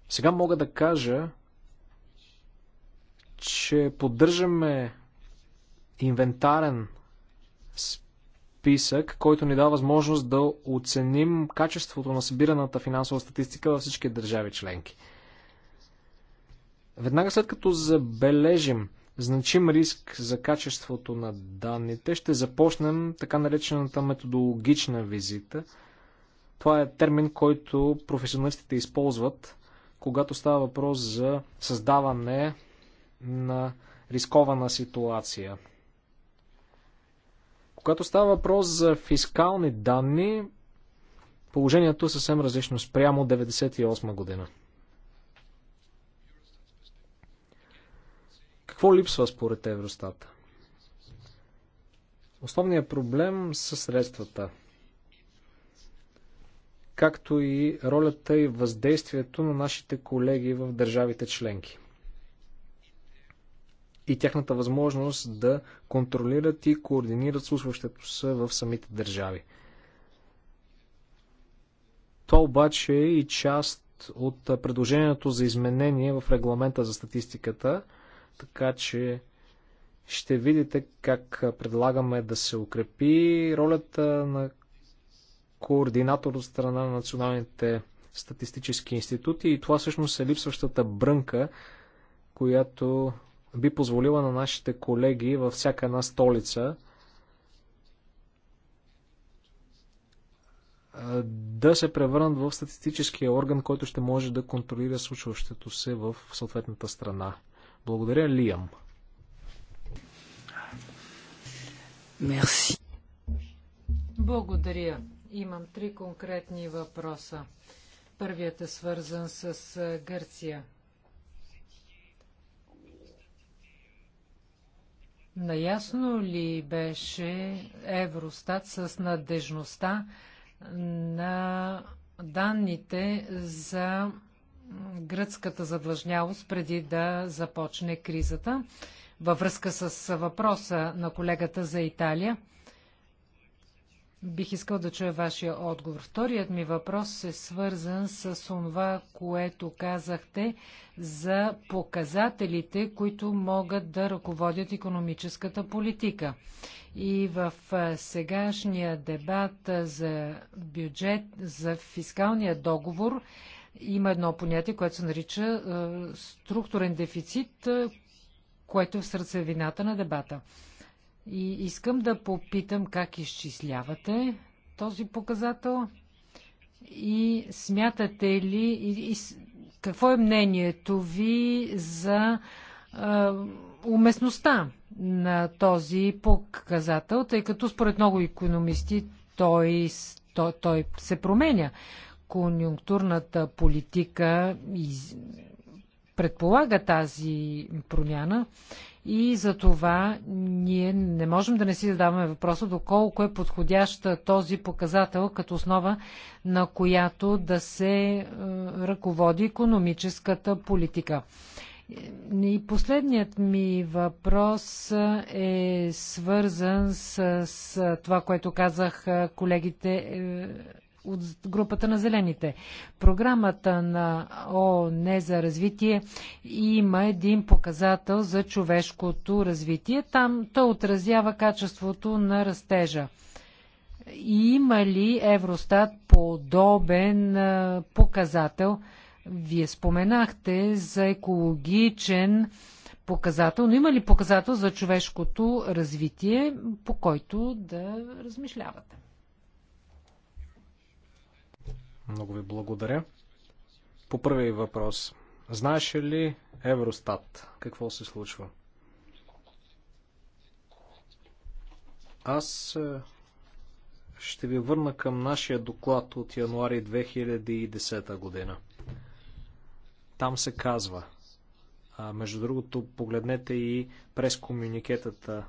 Сега мога да кажа, че поддържаме инвентарен списък, който ни дава възможност да оценим качеството на събираната финансова статистика във всички държави членки. Веднага след като забележим значим риск за качеството на данните, ще започнем така наречената методологична визита. Това е термин, който професионалистите използват, когато става въпрос за създаване на рискована ситуация. Когато става въпрос за фискални данни, положението е съвсем различно спрямо 1998 година. Какво липсва според Евростата? Основният проблем са средствата, както и ролята и въздействието на нашите колеги в държавите членки – и тяхната възможност да контролират и координират случващото се в самите държави. То обаче е и част от предложението за изменение в регламента за статистиката, така че ще видите как предлагаме да се укрепи ролята на координатор от страна на националните статистически институти и това всъщност е липсващата брънка, която би позволила на нашите колеги във всяка една столица да се превърнат в статистическия орган, който ще може да контролира случващото се в съответната страна. Благодаря, Лиам. Мерси. Благодаря. Имам три конкретни въпроса. Първият е свързан с Гърция. Наясно ли беше Евростат с надежността на данните за гръцката задлъжнявост преди да започне кризата? Във връзка с въпроса на колегата за Италия, Бих искал да чуя вашия отговор. Вторият ми въпрос е свързан с това, което казахте за показателите, които могат да ръководят економическата политика. И в сегашния дебат за бюджет, за фискалния договор, има едно понятие, което се нарича е, структурен дефицит, което е в сърцевината на дебата. И искам да попитам как изчислявате този показател и смятате ли, и, и, какво е мнението ви за а, уместността на този показател, тъй като според много економисти той, той, той се променя. Конюнктурната политика из, предполага тази промяна. И за това ние не можем да не си задаваме въпроса доколко е подходящ този показател като основа, на която да се е, ръководи економическата политика. И последният ми въпрос е свързан с, с това, което казах е, колегите е, от групата на зелените. Програмата на ООН за развитие има един показател за човешкото развитие. Там то отразява качеството на растежа. Има ли Евростат подобен показател? Вие споменахте за екологичен показател, но има ли показател за човешкото развитие, по който да размишлявате? Много ви благодаря. По първи въпрос. Знаеш ли Евростат какво се случва? Аз е, ще ви върна към нашия доклад от януари 2010 година. Там се казва. А между другото, погледнете и през комуникетата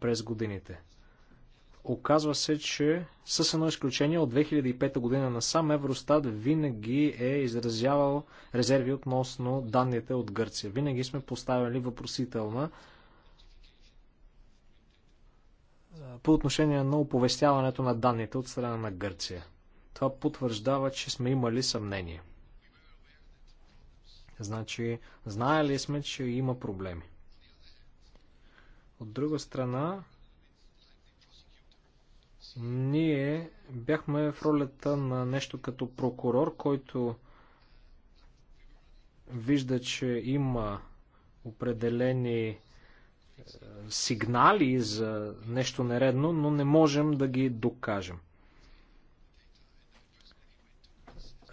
през годините. Оказва се, че с едно изключение от 2005 година насам Евростат винаги е изразявал резерви относно данните от Гърция. Винаги сме поставили въпросителна по отношение на оповестяването на данните от страна на Гърция. Това потвърждава, че сме имали съмнение. Значи, знаели сме, че има проблеми. От друга страна, ние бяхме в ролята на нещо като прокурор, който вижда, че има определени е, сигнали за нещо нередно, но не можем да ги докажем.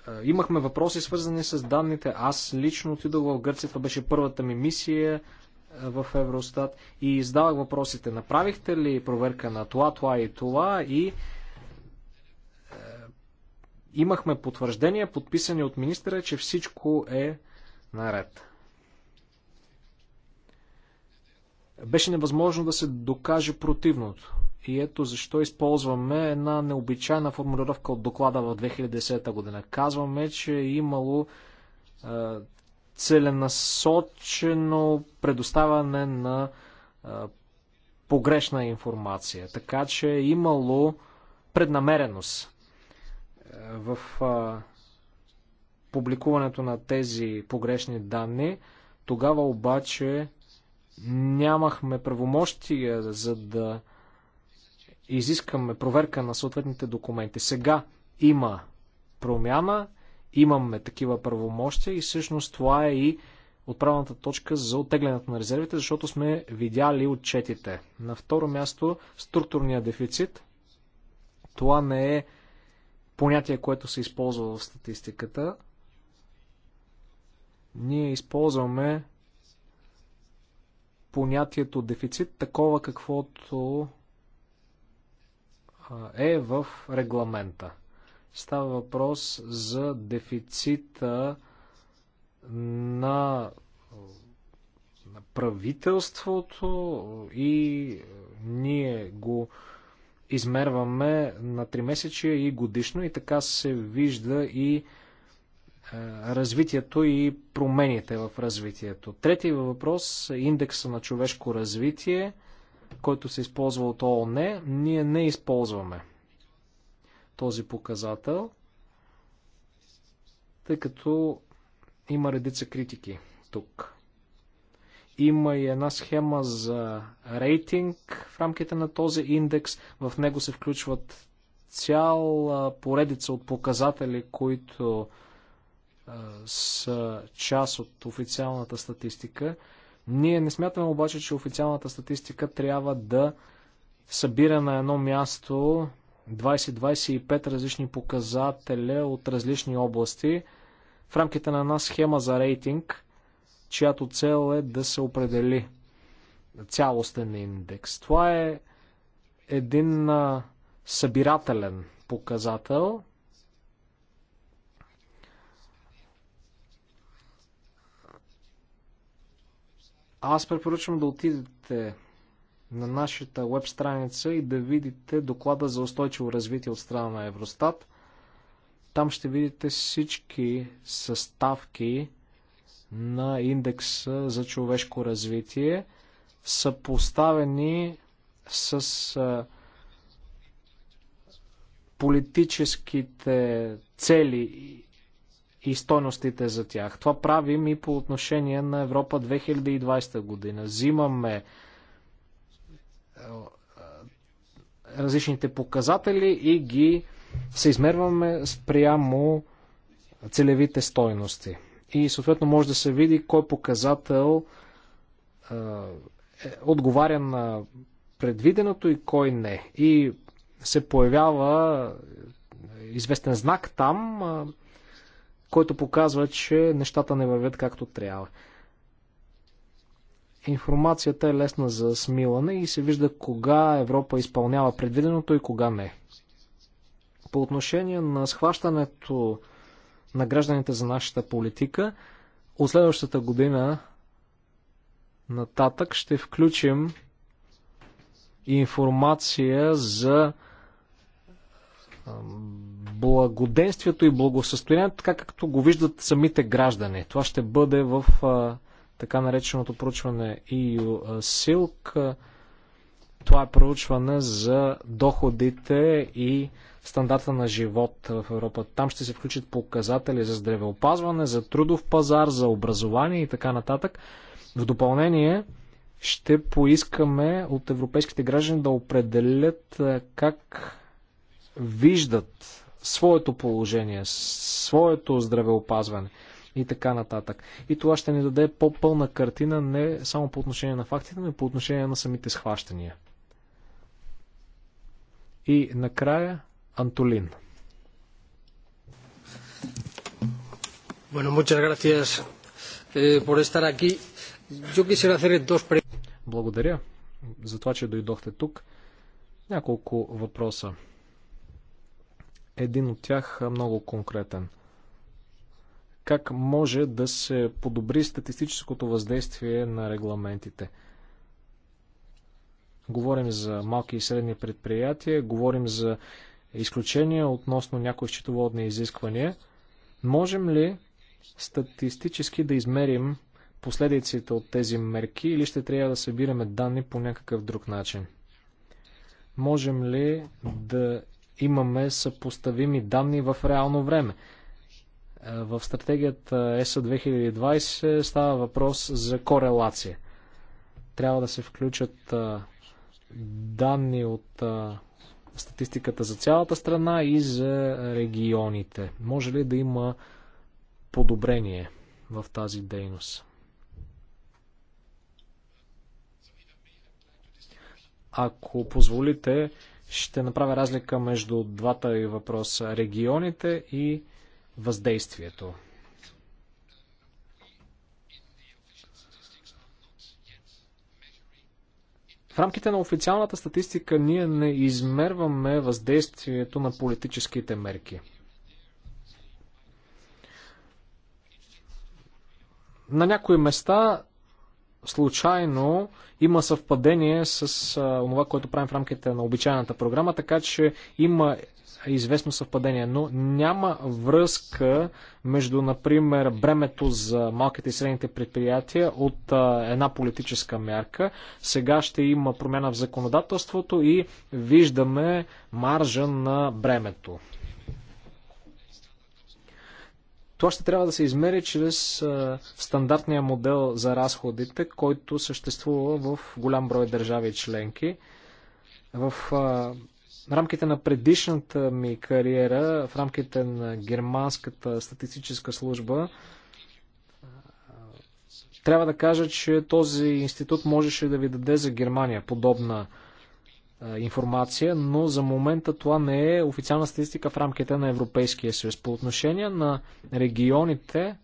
Е, имахме въпроси свързани с данните. Аз лично отидох в Гърция, това беше първата ми мисия в Евростат и издавах въпросите. Направихте ли проверка на това, това и това и е, имахме потвърждения, подписани от министъра, че всичко е наред. Беше невъзможно да се докаже противното. И ето защо използваме една необичайна формулировка от доклада в 2010 година. Казваме, че е имало е, целенасочено предоставяне на а, погрешна информация. Така че е имало преднамереност в а, публикуването на тези погрешни данни. Тогава обаче нямахме правомощия за да изискаме проверка на съответните документи. Сега има промяна, имаме такива правомощия и всъщност това е и отправната точка за оттеглянето на резервите, защото сме видяли отчетите. На второ място структурния дефицит. Това не е понятие, което се използва в статистиката. Ние използваме понятието дефицит такова каквото е в регламента. Става въпрос за дефицита на правителството и ние го измерваме на три месечия и годишно и така се вижда и е, развитието и промените в развитието. Третия въпрос е индекса на човешко развитие, който се използва от ООН. Ние не използваме този показател, тъй като има редица критики тук. Има и една схема за рейтинг в рамките на този индекс. В него се включват цяла поредица от показатели, които е, са част от официалната статистика. Ние не смятаме обаче, че официалната статистика трябва да събира на едно място 20-25 различни показателя от различни области в рамките на една схема за рейтинг, чиято цел е да се определи цялостен индекс. Това е един събирателен показател. Аз препоръчвам да отидете на нашата веб страница и да видите доклада за устойчиво развитие от страна на Евростат. Там ще видите всички съставки на индекса за човешко развитие са поставени с политическите цели и стойностите за тях. Това правим и по отношение на Европа 2020 година. Взимаме е, различните показатели и ги се измерваме спрямо целевите стойности. И съответно може да се види кой показател е, е отговаря на предвиденото и кой не. И се появява е, известен знак там, който показва, че нещата не вървят както трябва информацията е лесна за смилане и се вижда кога Европа изпълнява предвиденото и кога не. По отношение на схващането на гражданите за нашата политика, от следващата година нататък ще включим информация за благоденствието и благосъстоянието, така както го виждат самите граждани. Това ще бъде в така нареченото проучване EU Silk. Това е проучване за доходите и стандарта на живот в Европа. Там ще се включат показатели за здравеопазване, за трудов пазар, за образование и така нататък. В допълнение ще поискаме от европейските граждани да определят как виждат своето положение, своето здравеопазване – и така нататък. И това ще ни даде по-пълна картина не само по отношение на фактите, но и по отношение на самите схващания. И накрая Антолин. Bueno, muchas gracias eh, por estar aquí. Yo quisiera hacer dos Благодаря за това, че дойдохте тук. Няколко въпроса. Един от тях много конкретен – как може да се подобри статистическото въздействие на регламентите. Говорим за малки и средни предприятия, говорим за изключения относно някои счетоводни изисквания. Можем ли статистически да измерим последиците от тези мерки или ще трябва да събираме данни по някакъв друг начин? Можем ли да имаме съпоставими данни в реално време? В стратегията ЕСА 2020 става въпрос за корелация. Трябва да се включат данни от статистиката за цялата страна и за регионите. Може ли да има подобрение в тази дейност? Ако позволите, ще направя разлика между двата и въпроса регионите и въздействието. В рамките на официалната статистика ние не измерваме въздействието на политическите мерки. На някои места случайно има съвпадение с това, което правим в рамките на обичайната програма, така че има е известно съвпадение, но няма връзка между, например, бремето за малките и средните предприятия от една политическа мярка. Сега ще има промяна в законодателството и виждаме маржа на бремето. Това ще трябва да се измери чрез стандартния модел за разходите, който съществува в голям брой държави членки. В в рамките на предишната ми кариера, в рамките на германската статистическа служба, трябва да кажа, че този институт можеше да ви даде за Германия подобна информация, но за момента това не е официална статистика в рамките на Европейския съюз. По отношение на регионите,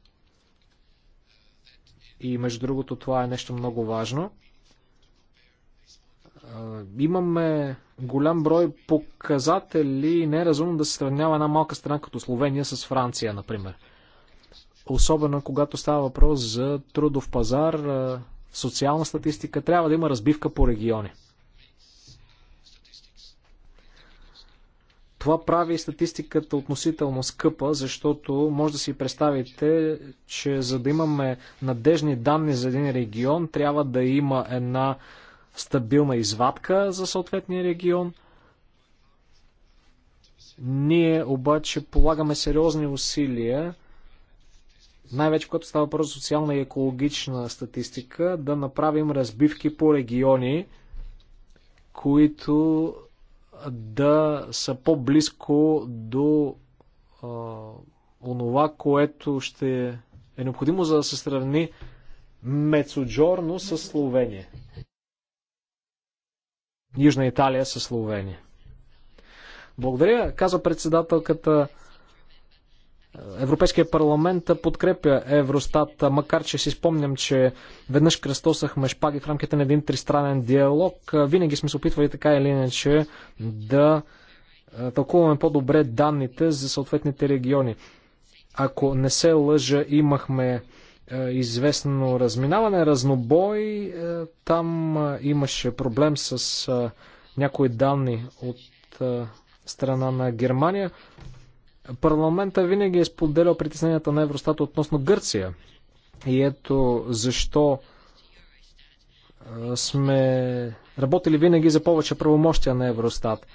и между другото това е нещо много важно, имаме голям брой показатели и не е разумно да се сравнява една малка страна като Словения с Франция, например. Особено когато става въпрос за трудов пазар, социална статистика, трябва да има разбивка по региони. Това прави статистиката относително скъпа, защото може да си представите, че за да имаме надежни данни за един регион, трябва да има една стабилна извадка за съответния регион. Ние обаче полагаме сериозни усилия, най-вече когато става въпрос социална и екологична статистика, да направим разбивки по региони, които да са по-близко до а, онова, което ще е необходимо за да се сравни Мецоджорно с Словения. Южна Италия със Словения. Благодаря, каза председателката. Европейския парламент подкрепя Евростат, макар че си спомням, че веднъж кръстосахме шпаги в рамките на един тристранен диалог. Винаги сме се опитвали така или иначе да е, тълкуваме по-добре данните за съответните региони. Ако не се лъжа, имахме е, известно разминаване, разнобой. Е, там е, имаше проблем с някои данни от страна на Германия. Парламента винаги е споделял притесненията на Евростат относно Гърция. И ето защо сме работили винаги за повече правомощия на Евростат.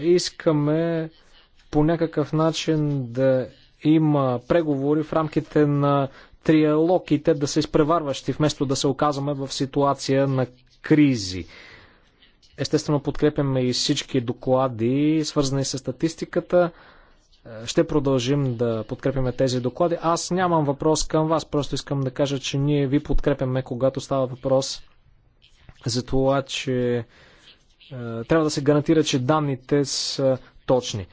Искаме по някакъв начин да има преговори в рамките на триалог и те да са изпреварващи, вместо да се оказваме в ситуация на кризи. Естествено, подкрепяме и всички доклади, свързани с статистиката. Ще продължим да подкрепяме тези доклади. Аз нямам въпрос към вас, просто искам да кажа, че ние ви подкрепяме, когато става въпрос за това, че е, трябва да се гарантира, че данните са точни.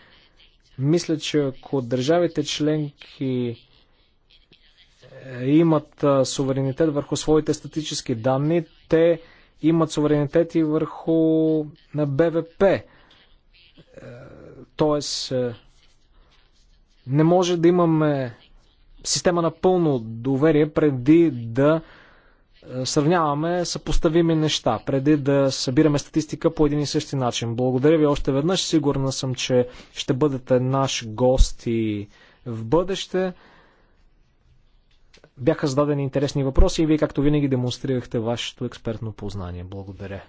Мисля, че ако държавите членки е, имат суверенитет върху своите статически данни, те имат суверенитет и върху на БВП. Е, тоест, е, не може да имаме система на пълно доверие преди да е, сравняваме съпоставими неща, преди да събираме статистика по един и същи начин. Благодаря ви още веднъж. Сигурна съм, че ще бъдете наш гост и в бъдеще. Бяха зададени интересни въпроси и вие, както винаги, демонстрирахте вашето експертно познание. Благодаря.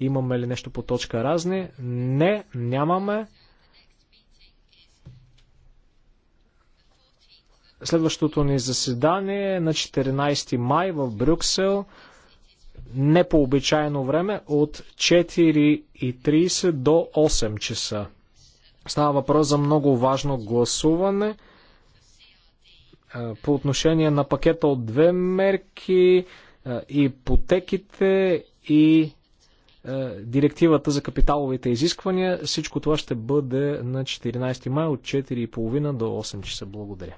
Имаме ли нещо по точка разни? Не, нямаме. Следващото ни заседание е на 14 май в Брюксел, не по обичайно време, от 4.30 до 8 часа. Става въпрос за много важно гласуване по отношение на пакета от две мерки, ипотеките и директивата за капиталовите изисквания. Всичко това ще бъде на 14 май от 4.30 до 8 часа. Благодаря.